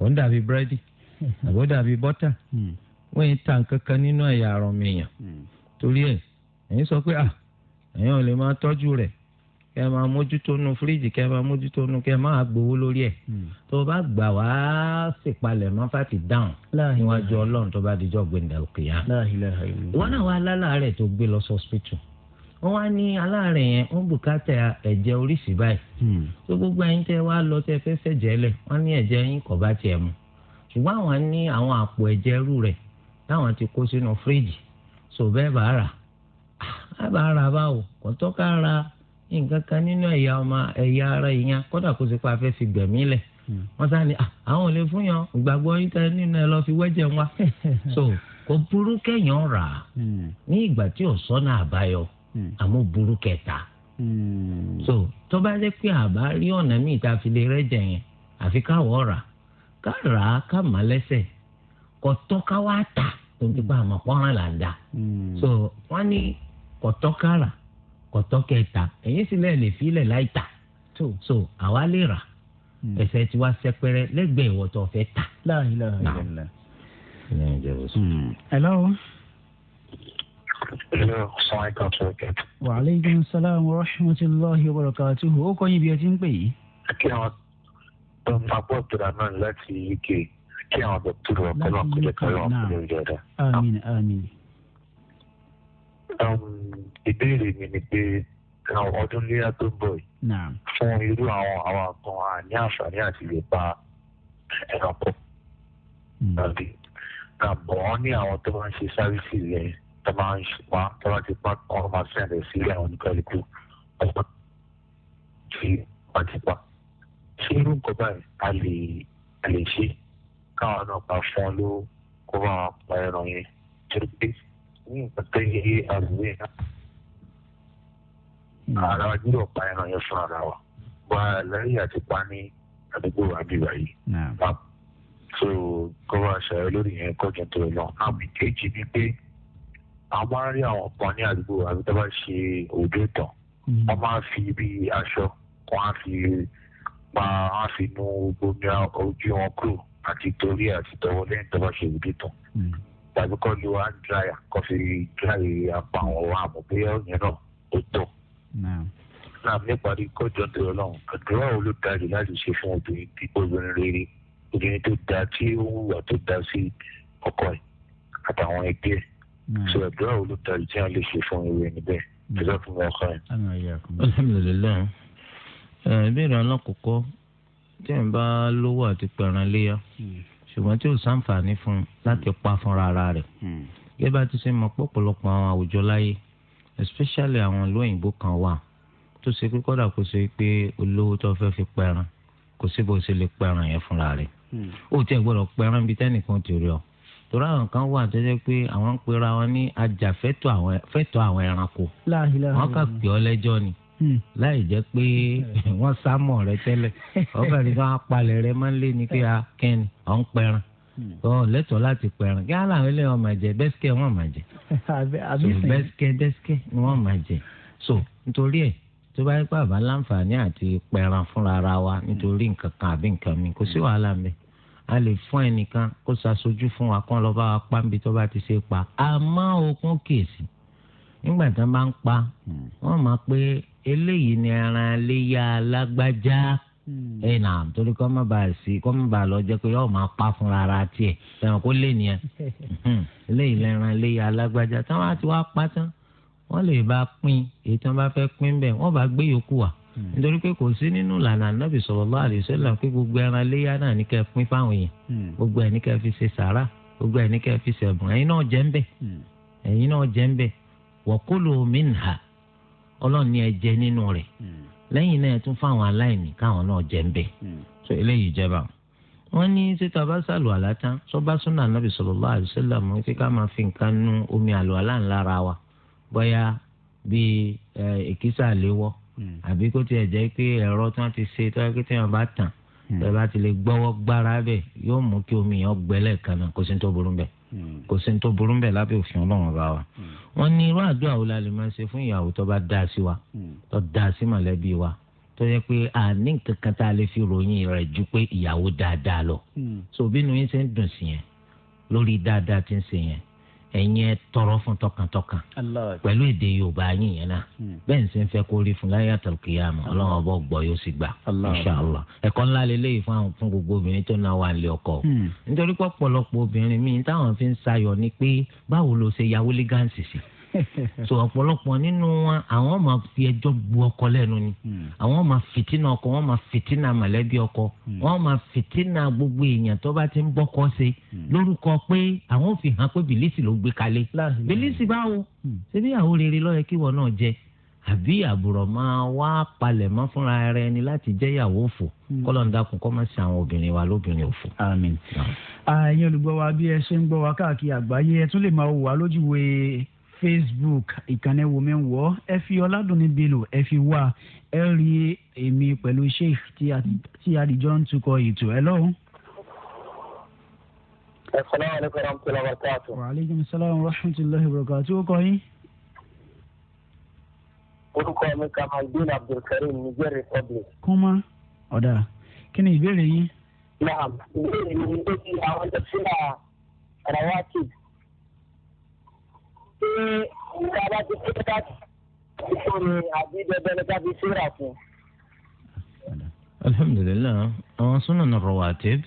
òun hmm. dàbí búrẹ́dì hmm. àbó dàbí bọ́tà wọ́n yìí ta nǹkan kan nínú ẹ̀yà àrùn mìíyàn torí ẹ̀ ẹ̀yin sọ pé ah ẹ̀yin ò lè máa tọ́jú rẹ̀ kẹ́ ẹ máa mójútó nu fíríjì kẹ́ ẹ máa mójútó nu kẹ́ ẹ máa gbowó lórí ẹ̀ tó o bá gbà wá sípalẹ̀ mọ́ fàtí dáhùn níwájú ọlọ́run tó bá dijọ́ gbẹ̀ndẹ̀ òkè yá wọn náà wá lálàá rẹ̀ tó gbé lọ sọ́spítù wọ́n wá ní aláàárẹ̀ yẹn wọ́n bùkátà ẹ̀jẹ̀ oríṣìí báyìí tó hmm. gbogbo ẹ̀yin tẹ́ wá lọ tẹ́ fẹ́ fẹ̀jẹ̀ lẹ̀ wọ́n ní ẹ̀jẹ̀ yín kò bá mu ṣùgbọ́n àwọn ní àwọn àpò ẹ̀jẹ̀ rú rẹ̀ táwọn ti kó sínú fíríjì bá rà á ah, bá rà kò nínú ẹ̀yà ọmọ so kò burú hmm. ní ìgbà tí ò sọ́nà Hmm. àmọ́ burú kẹta. Hmm. so tó bá jẹ́ pé àbá rí ọ̀nà míì tá a fi lè rẹ́jẹ yẹn àfi káwọ́ rà ká rà á ká má lẹ́sẹ̀ kò tọ́ ká wá tà tó ń tipa àmọ́ pọ́nrán là ń dà. Hmm. so wọ́n ní kò tọ́ ká rà kò tọ́ kẹta ẹ̀yìn sílẹ̀ lè filẹ̀ láì tà. so àwa lè rà ẹsẹ̀ tí wàá sẹ́pẹ́rẹ́ lẹ́gbẹ̀ẹ́ ìwọ̀tọ̀ fẹ́ tà. láàyè láàyè lẹ́nu. ẹ lọ́wọ́ wa aleykum salaam wa rahmatulahi wa barakatuhu ó kọ́ yín bí ẹ ti ń pè yìí. kí àwọn tó ń papọ̀ tura náà láti uk kí àwọn tó tura ọ̀pọ̀lọpọ̀ kọjá kọjá ọ̀pọ̀lọpọ̀ ìjọba. àmín àmín. Um, ìbéèrè mi ni pé ọdún léyà tó ń bọ̀ yìí fún irú àwọn àwọn kan àní àǹfààní àti lè pa ẹ̀rọ pọ̀ tàbí tàbọ̀ ní àwọn tó máa ń ṣe sáfíìsì lẹ́yìn tó máa ń ṣùpá tó bá ti pa kọ́ máa ṣẹ̀lẹ̀ sí àwọn oníkálukú ọ̀pọ̀ tí wọ́n ti pa. ṣé irú nǹkan báyìí a lè a lè ṣe káwọn náà pa fún ọ ló kó bá wọn pa ẹran yẹn tó pé ní nǹkan tó yẹ yé àbúrò yẹn ara wa gbúdọ̀ pa ẹran yẹn fún ara wa wà lẹ́yìn àti pa ní àdúgbò àbíwá yìí hmm. so kó bá ṣàyẹ̀ lórí yẹn kọjá tó lọ àmì kejì ni pé a máa ń rí àwọn kan ní àdúgbò àbí tó bá ṣe òde ìtàn mm. wọ́n máa ń fi bí aṣọ wọ́n á fi pa wọ́n á fi nu gbogbo ojú wọn kúrò àti torí àti tọwọ́ lẹ́yìn tó bá ṣe òde ìtàn mm. tàbí kọ́ lu hand dryer kọ́ fi dry apá àwọn wa àmọ́ bóyá òyìn náà ó tọ̀. náà níparí kọjọ ń tẹ̀lé ọlọ́run àdúrà wo ló dájú láti ṣe fún obìnrin bí obìnrin rere obìnrin tó dáa tí ó ń tó dáa sí ọkọ ẹ̀ àtàwọn ẹgbẹ́ ẹ̀ sọ àdúrà wo ló tayọ tí wọn lè ṣe fún irú ẹni bẹ́ẹ̀ ẹjọ́ fún mi ọkọ yẹn. alhamdulilayi ìbéèrè alákòókò tí ẹ̀ ń bá lówó àti pẹ̀ràn léyà hmm. ṣùgbọ́n tí ò sáǹfààní fún láti pa fúnra ara rẹ̀ hmm. gẹ́gẹ́ bá ti ṣe mọ pọ̀pọ̀lọpọ̀ àwọn àwùjọ láyé especially àwọn ìlú òyìnbó kan wà tó ṣe pé kọ́dà kó ṣe pé olówó tó fẹ́ fi pẹ̀ràn kò sí bó ṣe lè pẹ̀ràn yẹn fúnra rẹ̀ hmm. ó tiẹ̀ gbọ́dọ̀ pẹ̀ràn bíi tẹ́nìkan ti rí ọ torí àwọn kan wà tó jẹ́ pé àwọn ń pera wọn ní ajàfẹ́tọ̀ àwọn ẹranko wọn kà pè ọ́ lẹ́jọ́ ni hmm. láì jẹ́ pé wọ́n sá mọ̀ rẹ tẹ́lẹ̀ ọ̀fẹ́ ni wọ́n á palẹ̀ rẹ máa ń lé ah, ni pé a kẹ́ni ọ̀ ń pẹran hmm. ọ lẹ́tọ̀ọ́ láti pẹran kí aláwọ̀ ilé wọn máa jẹ bẹ́sikẹ́ wọn máa jẹ bẹ́sikẹ́ bẹ́sikẹ́ ni wọ́n máa jẹ so nítorí ẹ̀ tó bá yẹ pé àbá láǹfààní àti pẹran fúnra ara wa nítorí nǹkan kan àbí nǹkan mi kò sí wàhálà mi a lè fún ẹnìkan kó ṣàṣojú fún wa kán lọ bá wa pa níbi tó bá ti ṣe pa àmọ́ okun kèsì nígbà tí wọ́n bá ń pa wọ́n mọ̀ pé eléyìí ni ẹran léyà alágbájá hmm. ẹnà torí kọ́ mọ̀ bá sí kọ́ mọ̀ bá lọ jẹ́ pé yóò máa pa fúnra ara tiẹ̀ sẹ́wọ̀n kó lé nìyẹn eléyìí lẹ́ran léyà alágbájá táwọn àti wá pa tán wọ́n lè bá pín èyí tí wọ́n bá fẹ́ pín bẹ́ẹ̀ wọ́n bá gbé yòókù wá. Hmm. nítorí pé kò sí nínú ìlànà anábì sallallahu alaihi wasallam pé gbogbo ẹran léyà náà ní kẹ́ pín fáwọn èèyàn hmm. gbogbo ẹ̀ fi ṣe sàrà gbogbo ẹ̀ fi se ẹ̀yin náà jẹ́ ń bẹ̀ hmm. ẹ̀yin náà jẹ́ ń bẹ̀ wa kulu minha ọlọ́run ní ẹ jẹ nínú rẹ̀ lẹ́yìn náà ẹ tún fáwọn aláìní káwọn náà jẹ́ ń bẹ̀ so eléyìí jẹba wọn ní sọba súnà pé ká Hmm. àbí kó tiẹ̀ jẹ́ pé ẹ̀rọ tí wọ́n ti ṣe tó yẹ kí tí wọ́n bá tàn bẹ́ẹ̀ hmm. bá ti lè gbọ́wọ́ gbára bẹ̀ yóò mú kí omi yẹn gbẹ́lẹ̀ kan náà kó sí tó burú bẹ̀ hmm. kó sí tó burú bẹ̀ lábẹ́ òfin ọlọ́run bá wa. wọ́n ní irú àdúrà wo la lè máa ṣe fún ìyàwó tó bá dáa sí wa tó dáa sí mọ̀lẹ́bí wa tó yẹ pé àní nǹkan kan tá a lè fi ròyìn rẹ̀ ju pé ìyàwó dáadáa lọ. sòbínú yín ṣe ń dùn sí yẹn lórí dáadáa ti ń ṣe yẹn ẹ̀yin ẹ tọrọ fún tọkàntọkàn pẹ̀lú èdè yorùbá yín yẹn náà hmm. bẹ́ẹ̀ ní sẹ́ ń fẹ́ kó rí fún láyé àtàlùkìyàmù ọlọ́run ọba ọgbọ́ yóò sì gbà inṣàlá ẹ̀kọ́ ńlá lélẹ́yìí fún àwọn fún gbogbo obìnrin tó náà wà nílé ọkọ hmm. nítorí pọ̀pọ̀lọpọ̀ obìnrin míì táwọn fi ń sayọ̀ ni pé báwo ló ṣe yawó lé gáǹsì sí i so ọ̀pọ̀lọpọ̀ nínú wọn àwọn máa fi ẹjọ́ bu ọkọ lẹ́nu ni hmm. àwọn máa fìtínà ọkọ wọn máa fìtínà mọ̀lẹ́bí ọkọ hmm. wọn máa fìtínà gbogbo èèyàn tó bá ti ń bọ́kọ ṣe hmm. lórúkọ pé àwọn fi hàn pé bìlísì ló gbé kalẹ̀ bìlísì báwo ṣebí àwọn rere ló yẹ kí wọn náà jẹ àbí àbùrọ̀ máa wá palẹ̀ mọ́ fúnra rẹ ni láti jẹ́ ìyàwó òfò kọ́lọ́ndàkùn kọ́ máa ṣe àwọn obìnrin wa lóbìnrin òfò. àmín. àyẹ̀lùgbọ́ ah, wa bí ẹ ṣe ń gbọ́ wa káàkiri àgbáyé ẹ tún lè máa wò wá lójúwe facebook ìkànnì wòmí wọ ẹ fi ọládùnní bílò ẹ fi wá ẹ rí èmi pẹ̀lú sheikh tí adijọ́ ń tukọ̀ ètò ẹ lọ́hùn. asalaamualeykum warahmatulahi wabarakatuh. wa aleykum salaam wa rahmatulahi wa barakatuh. o kọ yín orúkọ mi kamaldeen abdulkareem niger republic. kúmọ ọ̀dà kí ni ìbéèrè yín. naam ìbéèrè mi ni pé kí àwọn tẹ̀síra rawatib ṣé ìta bá ti pé ká ti tó ni àbí dandan ni ká fi síra fún. alhamdulilayi àwọn sunan rawatib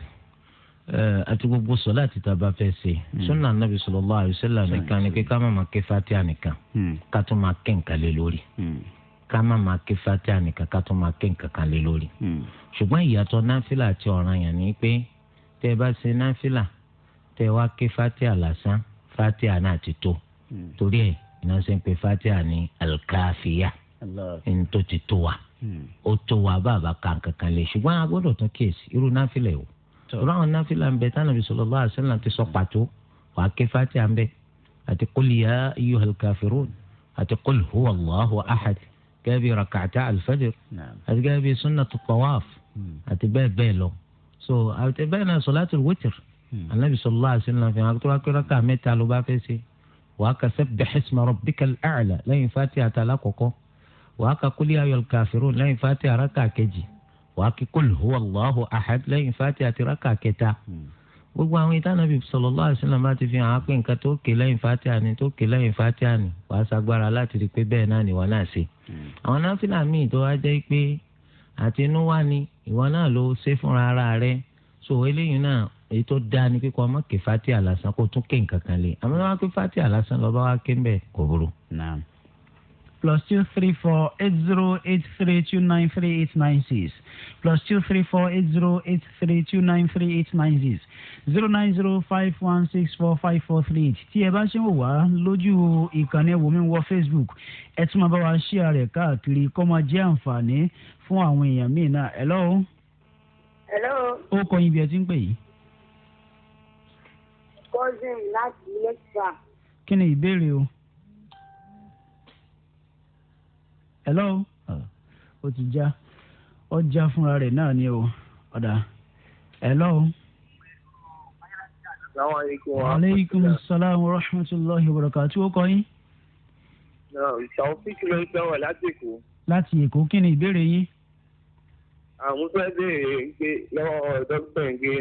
àti gbogbo sọlá àti tá a bá fẹ́ ṣe hmm. sunna anabi sallallahu alaihi wasallam nìkan ni pé ká má máa ké fatia nìkan hmm. ká tún máa ké nǹkan lé lórí hmm. ká má máa ké fatia nìkan ká tún máa ké nǹkan kan lé lórí. ṣùgbọ́n ìyàtọ̀ náfìlà àti ọ̀ranyàn ni pé tẹ́ bá ṣe náfìlà tẹ́ wá ké fatia lásán fatia náà ti tó. Hmm. torí ẹ̀ iná ṣe ń pe fatia ní alkaafia ní tó ti tó wa hmm. ó tó wa bàbá kan kankan lè ṣùgbọ́n a gbọ́dọ̀ tún kíyèsí irú náfìlẹ̀ o irú àwọn náfìlẹ̀ ń bẹ tánàbí sallallahu alaihi wasallam ti sọ pàtó wàá ké fatia ń bẹ àti qul ya ayyuhal kafirun àti qul huwa allahu ahad gẹ́gẹ́ bí rakata alfajr àti gẹ́gẹ́ bí sunnatu tawaf hmm. àti bẹ́ẹ̀ bẹ́ẹ̀ lọ so àti bẹ́ẹ̀ náà solatul witr anabi sallallahu alaihi wasallam fi hàn kí wàá ka sabbih isma rabbikal a'la lẹ́yìn fatiha àtàlà kọ̀kọ́ wàá ka qul ya ayyuhal kafirun lẹ́yìn fatiha àràkà kejì wàá kí qul huwa allahu ahad lẹ́yìn fatiha àti ràkà kẹta gbogbo àwọn ìtànàbí sallallahu alaihi wasallam láti fi hàn á pé nǹkan tó ké lẹ́yìn fatiha ni tó ké lẹ́yìn fatiha ni wàá sagbára láti rí i pé bẹ́ẹ̀ náà ni wọ́n náà ṣe. àwọn náfìlà míì tó wá jẹ́ pé àtinúwá ni ìwọ náà ló ṣe fúnra ara rẹ̀ so eléyìí náà èyí tó dáa ni kíkọ ọmọ kí fati alasan kó tún ké nǹkan kan lé àmọ́ wọn kí fati alasan lọ bá wa ké mbẹ kò burú. plus two three four eight zero eight three two nine three eight nine six plus two three four eight zero eight three two nine three eight nine six zero nine zero five one six four five four three eight tí ẹ bá ṣe ń wò wá lójú ìkànnì wòmí wọ facebook ẹ tún máa bá wa share rẹ̀ káàkiri kó máa jẹ́ àǹfààní fún àwọn èèyàn míì náà hello. hello. ó kọ ibi ẹ ti ń pè yìí cousin láti lẹ́tà. kí ni ìbéèrè o. hello ó ti já ó já fúnra rẹ̀ náà ni o ọ̀dà hello. salaamaleykum wa aleykum salaam wa rahmatulahi wa barakatu ó kọ́ yín. Taofik ló ń sọ̀rọ̀ láti Èkó. láti Èkó kí ni ìbéèrè yín. àwọn fẹ́ bèèrè pé lọ́wọ́ dókítà ń gbé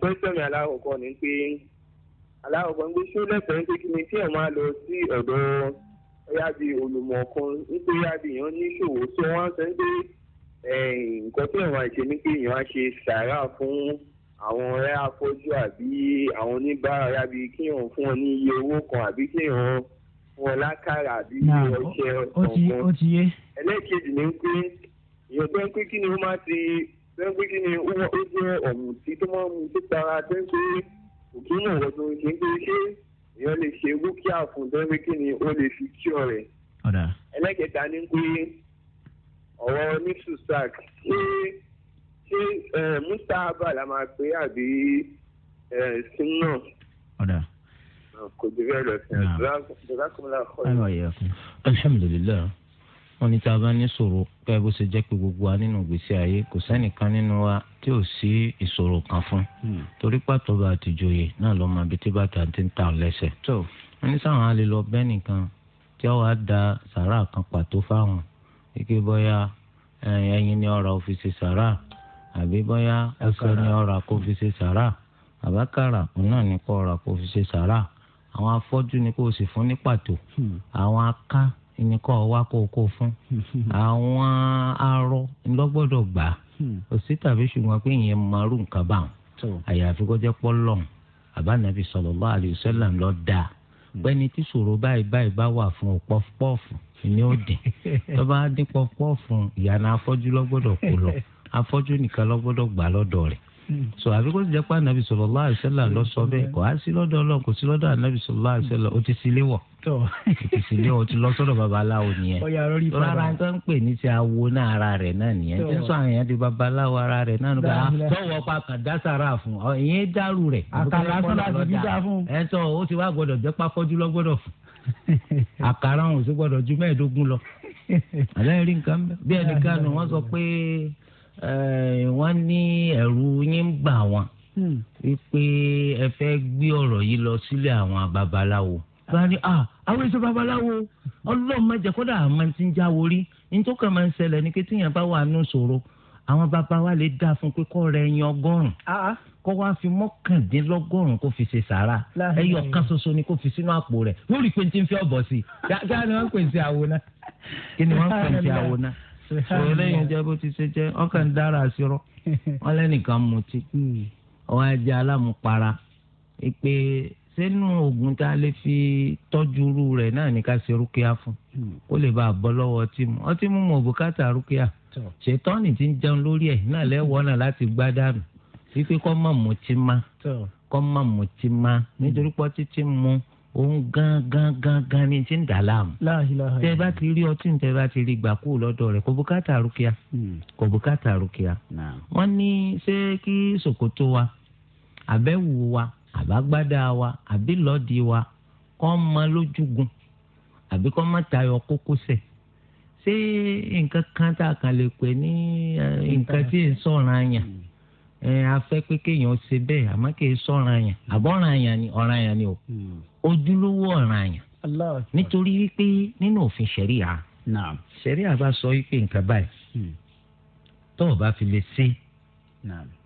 pẹ́ńtẹ́mì alákọ̀ọ́kọ́ ni pé alákọ̀ọ́kọ́ ni pé ṣé lẹ́sẹ̀ pé kí ni tí ẹ̀ máa lọ sí ọ̀dọ̀ ẹ̀yà bíi olùmọ̀ kan nítorí àbí èèyàn níṣòwò tí wọ́n sọ pé nǹkan tí èèyàn àṣẹ ni pé èèyàn á ṣe sàárà fún àwọn ọ̀rẹ́ afọ́jú àbí àwọn oníbàárà ẹ̀yà bíi kí èèyàn fún wọn ní iye owó kan àbí kí èèyàn fún wọn lákàrà àbí ọṣẹ ọ̀kan ẹlẹ́ẹ̀kejì ni pé èèyàn tó ń pín kí ni ó máa ti bẹ́ẹ̀ pé kí ni ó jẹ́ ọ̀mù tí tó máa ń mu tó tara tẹ́ pé òkè náà wọ́n tó ń ṣe pé ṣé èèyàn lè ṣe rúkìá fún tẹ́ pé kí ni ó lè fi kí ọ rẹ̀. ẹlẹ́kẹta ni pé ọ̀rọ̀ ní susac ṣé ṣé mustapha la máa pè àbí sinna. kò jù bẹ́ẹ̀ lọ sí ẹ̀ dọ́là kọ́mọ́lá kọ́ ẹ̀. alhamdulilayi wọn ní tá a bá ní ṣòro bẹ́ẹ̀ bó ṣe jẹ́ pé gbogbo wa nínú ìgbésí ayé kò sẹ́nìkan nínú wa tí ò sí ìṣòro kan fún hmm. torí pàtó bá àtijọ́yè náà lọ́ọ́ máa bi tí bàtà ti ń ta lẹ́sẹ̀. tó wọn ní sáwọn alẹ́ lọ bẹ́ẹ̀ nìkan tí wọ́n á da sàrà kan pàtó fáwọn ike bọ́yá ẹyin ni ọ̀rọ̀ òfìsì sàrà àbí bọ́yá ẹsẹ̀ ni ọ̀rọ̀ àkófìsì sàrà àbákàrà òun náà ní kọ́ ọ̀rọ̀ àkófìsì sàrà àwọn afọ́jú ni kò sì fún ní pàtó hmm. àwọn aká nìkan wá kó o kó fún àwọn arọ ńlọgbọdọ gbà hmm. òsì tàbí ṣùgbọ́n pé ìyẹn márùn nǹkan bá wọn àyàfi kọjá pọlọ àbánabi sallallahu alaihi wasallam ló dáa hmm. pẹ́ni tí ṣòro báyìí báyìí bá wà fún pọ́fupọ́ọ̀fù ni ó dín tó dín pọ́fupọ́ọ̀fù ìyànà afọ́jú lọ́gbọ́dọ̀ kó lọ afọ́jú nìkan lọ́gbọ́dọ̀ gbà lọ́dọ̀ rẹ̀ hmm. so àbí kó sì jẹ́ pé ànábì sallallahu alaihi wasallam lọ sọ bẹ́ẹ̀ kò á sí lọ́dọ̀ ọlọ́run kò sí lọ́dọ̀ ànábì sallallahu alaihi wasallam ó ti sílé wọ̀ tọ ìsìlẹ̀ o ti lọ sọ́dọ̀ babaláwo nìyẹn rárá tó ń pè ní ti awo náà ara rẹ̀ náà nìyẹn tí ń sọ àwọn èèyàn di babaláwo ara rẹ̀ náà nígbà ah, tọwọ́ pa kàdásàrà fún ọ ìyẹn dàrú rẹ̀ àkàrà sọ́dọ̀ àti bíjà fún. ẹ sọ o ti wá gbọ́dọ̀ jẹ pákọjú lọ gbọ́dọ̀ fún àkàrà òun sì gbọ́dọ̀ ju mẹ́ẹ̀ẹ́dógún lọ àlẹ́ rí nǹkan bí ẹnìkan nù wọ́n sọ pé wọ́n ní ẹ̀rù yín ń bà wọ́n hmm. wípé ẹ fẹ́ gbé ọ̀rọ̀ yìí lọ sílé àwọn babaláwo bá ah à àwọn èso babaláwo ọlọ́run má jẹ́ kódà àmọ́ ti ń já worí nítòkàn máa ń ṣẹlẹ̀ ní kété yẹn bá wà nù sòro àwọn bàbá wa lè dá fún pé kọ́ rẹ̀ yan ọgọ́rùn ah, ah. kó wá fi mọ́kàndínlọ́gọ́rùn kó fi ṣe sàrà ẹyọ kan ṣoṣo ni kó fi sínú àpò rẹ̀ lórí pé tí ń fi ọ̀bọ̀ sí i kí ni wọ́n ń pè sí àwo náà ń pè àwo náà sọ̀rọ̀ lẹ́yìn jẹ́ bó ti ṣe jẹ́ ọkàn dára àṣírọ́ wọn lẹ́nìkan mutí ọwọ́ hmm. ajé alámupara pé sínú oògùn tá a lè fi tọ́jú irú rẹ̀ náà ní ká ṣe rúkìá fún hmm. kó lè bá a bọ́ lọ́wọ́ ọtí mu ọtí mu mọ̀ bùkátà rúkìá ṣètọ́nì ti ń jẹun lórí ẹ̀ náà lẹ́wọ́ náà láti gbá dànù wípé kọ́ mọ̀ mú ti má kọ́ mọ̀ mú ti má nítorí pọ́ títí mu òun gan gan gan gan ni ti ń dà láàmú tẹ bá ti rí ọtí tẹ bá ti rí gbà kú lọ́dọ̀ rẹ̀ kò bùkátà rúkìá hmm. kò bùkátà rúkìá wọ́n ní ṣé kí ṣòkòtò wa àbẹ̀wò wa àbágbádá wa àbí lọ́ọ̀dì wa kọ́ ma lójúgun àbí kọ́ ma tayọ kókósẹ̀ ṣé nǹkan kan tá a kàn lè pè ní nǹkan tí ń sọ̀ràn àyàn a fẹ́ pé kéèyàn ṣe bẹ́ẹ̀ àmọ́ kì í sọ̀ràn àyàn àbọ̀ràn àyàn ni ọ̀ràn àyàn ni o hmm. ojúlówó ọ̀ràn àyàn nítorí wípé nínú òfin ṣẹ̀ríà ṣẹ̀ríà bá sọ wípé nǹkan báyìí hmm. tó o bá fi lè ṣe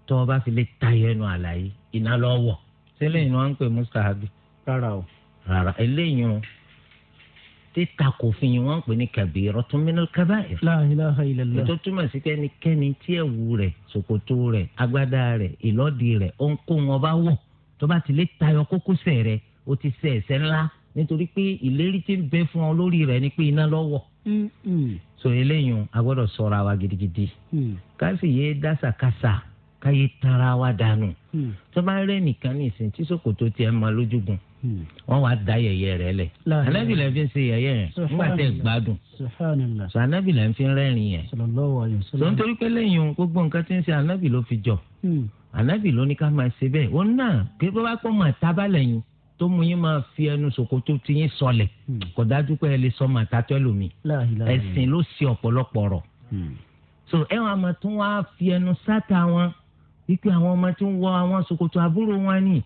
tó o bá fi lè tayọ ẹnu àlàyé iná sẹ́lẹ̀yìn wọn ń pè mustahabi. rárá o. rárá eléyìí o títa kò fi yín wọn ń pè ní kabiratun minal kaba'ir. la ilaha illallah. ètò túmọ̀ sí kẹ́nikẹ́ni tí ẹ̀wù rẹ̀ ṣòkòtò rẹ̀ agbádá rẹ̀ ìlọ́dì rẹ̀ ó ń kó wọn bá wọ̀ tó bá ti lè tayọ kókósẹ̀ rẹ̀ ó ti ṣẹ̀ ẹ̀ṣẹ̀ ńlá nítorí pé ìlérí tí ń bẹ fún ọ lórí rẹ̀ ni pé iná lọ́wọ́. so eléyìí a gbọ́dọ̀ ṣọ́ra wa gidigidi. Mm. ká sì yé dásàkásà káyé tanra wa dànù hmm. tó bá rẹ nìkan ní ìsìn tí ṣòkòtò tiẹ̀ máa lójúgun hmm. wọn wàá da yẹ̀yẹ́ rẹ̀ lẹ̀ anabi lẹ fi ń ṣe yẹ̀yẹ́ yẹn nígbà tẹ gbádùn sọ anabi lẹ fi ń rẹ́rìn yẹn sọ nítorí pé lẹ́yìn gbogbo nǹkan tí ń ṣe anabi ló fi jọ anabi hmm. ló ní ká máa ṣe bẹ́ẹ̀ wọn náà pé bá bá pọ máa tábà lẹ́yìn tó mú yín máa fi ẹnu ṣòkòtò tí yín sọlẹ̀ kò dájú pé ẹ lè sọ máa tatọ ẹlòmíì ẹ̀sìn ló ṣe ọ̀pọ̀lọpọ̀ rọ so ẹ wọn a máa tún wá fi ẹnu sáta wọn wípé àwọn ọmọ tí ń wọ àwọn ṣòkòtò àbúrò wọn ni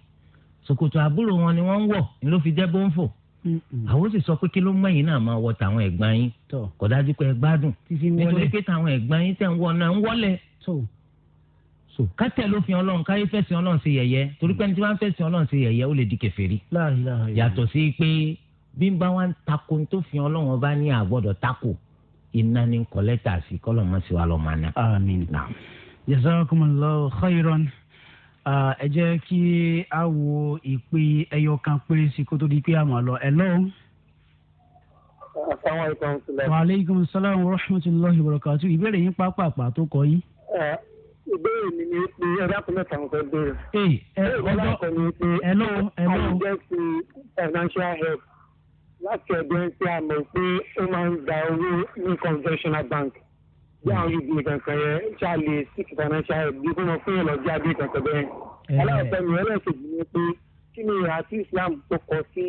ṣòkòtò àbúrò wọn ni wọ́n ń wọ̀ ni ló fi jẹ́ bóńfò àwọn sì sọ pé kí ló mẹ́yìn náà máa wọ tàwọn ẹ̀gbọ́n yín kò dájú pé ẹ nítorí pé tàwọn ẹ̀gbọ́n yín tẹ̀ ń wọ náà ń wọlé so kátẹ ló fi Ọlọ́run káyé fẹsẹ̀ Ọlọ́run sí yẹ̀yẹ́ torí pé ní tí wọn fẹsẹ̀ Ọlọ́run sí yẹ̀yẹ́ ó lè di kèfèrí yàtọ̀ sí pé bí n bá wá ń tako tó fi Ọlọ́run bá ní àgbọ́dọ̀ tako iná ní sí kọlọmọsí jazakumullahu khairan ẹ jẹ́ kí a wo ìpè ẹyọ kan péré sí kó tó di pé a máa lọ ẹ lọ́wọ́. wa salaam wa rahmatulahi wa barakatu ìbéèrè yín pápápá tó kọ yín. ìbéèrè mi ni pé ọjà kan mẹ́ta ń fẹ́ béèrè. ee ẹ ọjọ́ ẹ lọ́wọ́ ẹ lọ́wọ́. àwọn jẹ́ ti financial help láti ẹ̀dọ́ ẹ̀ tí a pé ó máa ń gba owó ní conventional bank bí àwọn yìí nìkan kan yẹn ṣá lè six financial bí kò mọ fún ìlọjì àbí kankan bẹ́ẹ̀. aláìsàn mi ẹlẹ́sìn mi pé kí ni ìhà tí Islam tó kọ sí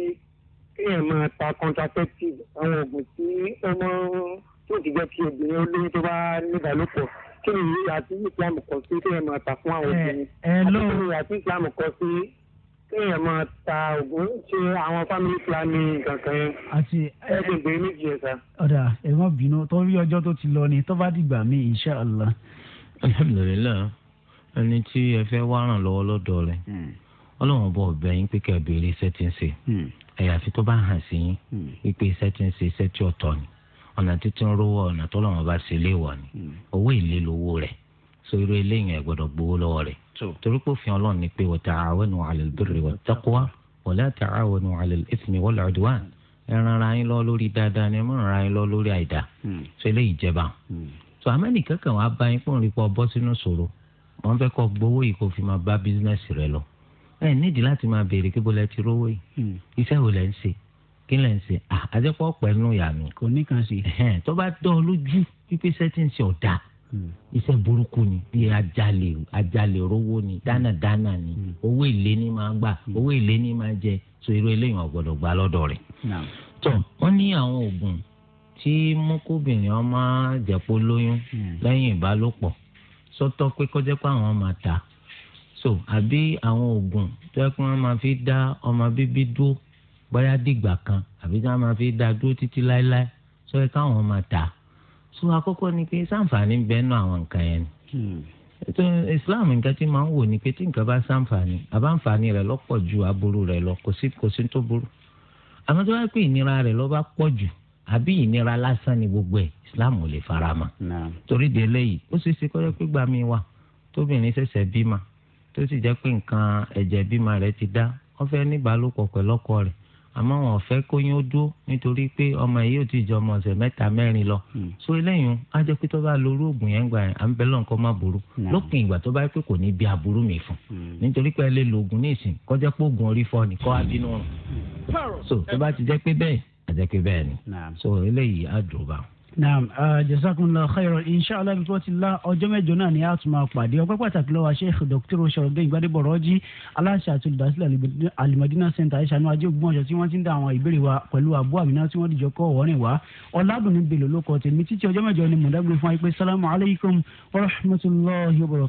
kéèyàn máa ta contraceptive àwọn oògùn tí ó máa ń tó ti jẹ́ kí obìnrin olóyún tó bá níbàlòpọ̀ kí ni ìhà Islam kọ sí kéèyàn máa ta fún àwọn obìnrin àti kí ni ìhà Islam kọ sí kéèyàn máa ta oògùn ṣe àwọn family planning kankan yẹn. àti ẹgbẹgbẹ méjì yẹn sa. ọ̀dà ẹ má bínú torí ọjọ́ tó ti lọ ni tó bá dìgbà mí inṣàlá. alhamdulilayi ẹni tí ẹ fẹ́ wá ràn lọ́wọ́ lọ́dọ̀ rẹ̀ hmm. ọlọ́run bọ̀ ọ̀bẹ yín pé kẹ́ ẹ béèrè iṣẹ́ tí ń ṣe hmm. àyàfi tó bá hàn sí yín hmm. wípé iṣẹ́ tí ń ṣe iṣẹ́ tí ọ̀tọ̀ ni ọ̀nà títí ń rówó ọ̀nà tó lọ́wọ́ bá ṣe léèwọ̀ ni owó ìlélówó rẹ̀ so irú eléyìí ẹ gbọ́dọ̀ gbowó lọ́wọ́ rẹ̀ torí pé òfin Ọlọ́run ni pé wa ta'awanu 'alal birri wat taqwa wa la ta'awanu 'alal ithmi wal 'udwan ẹ ràn ara yín lọ lórí dáadáa ni mo ràn ara yín lọ lórí àìdá hmm. so eléyìí jẹba hmm. so amẹ́nìkan kan wàá bá yín fún rí pọ̀ bọ́ sínú ṣòro wọ́n fẹ́ kọ́ gbowó yìí kó fi máa bá bísínẹ́sì rẹ lọ ẹ nídìí láti máa béèrè kí bọ́lá ti rówó yìí hmm. iṣẹ́ kí lẹ́ ń ṣe àjẹpọ̀ pẹ̀lú ìyá kò ní kan sí. tó bá dán ọ lójú pípé sẹ́tí ọ̀dà iṣẹ́ burúkú ni bí ajalè ajalè rówó ni dánadáná ni hmm. owó èlé ni máa ń gbà hmm. owó èlé ni máa ń jẹ so irú eléyìí wọn gbọ́dọ̀ gbà lọ́dọ̀ rẹ̀. tó wọn ní àwọn oògùn tí mọ́kóbìnrin ọmọ jẹ̀pọ̀ lóyún hmm. lẹ́yìn ìbálòpọ̀ sọ́tọ̀ pé kọjá pé àwọn máa ta so àbí àwọn oògùn tó yẹ kí wọ́n máa fi dá ọmọ bíbí dúró bóyá dìgbà kan àbí tí wọ́n máa fi dá dúró títí láéláé sọ yẹ káwọn máa ta. So, so àkọ́kọ́ ni pé sáǹfààní bẹ́ẹ̀ nù àwọn yẹn ni ètò hmm. islam nǹkan tí máa ń wò ni pé tí nǹkan bá sáǹfààní àbáǹfààní rẹ̀ lọ pọ̀ ju aburú rẹ̀ lọ kò sí kò sí tó burú àmọ́ tó bá pé ìnira rẹ̀ lọ pọ̀ jù àbí ìnira lásán ni gbogbo ẹ̀ islam ò lè fara mọ́ torí de eléyìí ó sì ṣe kọ́jọ́ pé gbàmí wa tóbìnrin ṣẹ̀ṣẹ̀ bímọ tó sì jẹ́ pé nǹkan ẹ̀jẹ̀ bímọ rẹ̀ ti dá wọ́n fẹ́ níbàálòpọ̀ pẹ̀lọ́kọ rẹ̀ àmọ́ wọn fẹ́ kóyún ó dúró nítorí pé ọmọ yìí ò tí ì ọmọ ọ̀sẹ̀ mẹ́ta mẹ́rin lọ. Hmm. so eléyìí á jẹ́ pé tó bá lo orú oògùn yẹn gbà yẹn à ń bẹ́ lọ́nkọ́ má burú hmm. lópin ìgbà tó bá pé kò ní bí aburú mi fún hmm. nítorí pé ẹ lè lo oògùn ní ìsìn kọjá pé oògùn orí fọ́ ni abínú rùn. so tó bá ti jẹ́ pé bẹ́ẹ̀ àjẹ́ pé bẹ́ẹ̀ ni so eléyìí á dùn báwọn naam uh, jazakumullahu khairan inshallah bí wọ́n ti la ọjọ́ mẹ́jọ náà ni a tún máa pàdé ọpẹ́ pàtàkì lọ́wọ́ sheikh dr osorogbe ìgbàdébọ̀ rọ́jí aláṣẹ àti olùdásílẹ̀ alimadina center aishanu ajé ògbómọ̀ṣọ́ tí wọ́n ti ń da àwọn ìbéèrè wa pẹ̀lú abu amina tí wọ́n dìjọ kọ́ ọ̀rìn wa ọ̀làdùnní belò ló tèmi títí ọjọ́ mẹ́jọ ni mọ̀dágbére fún wa pé sálámù alaykum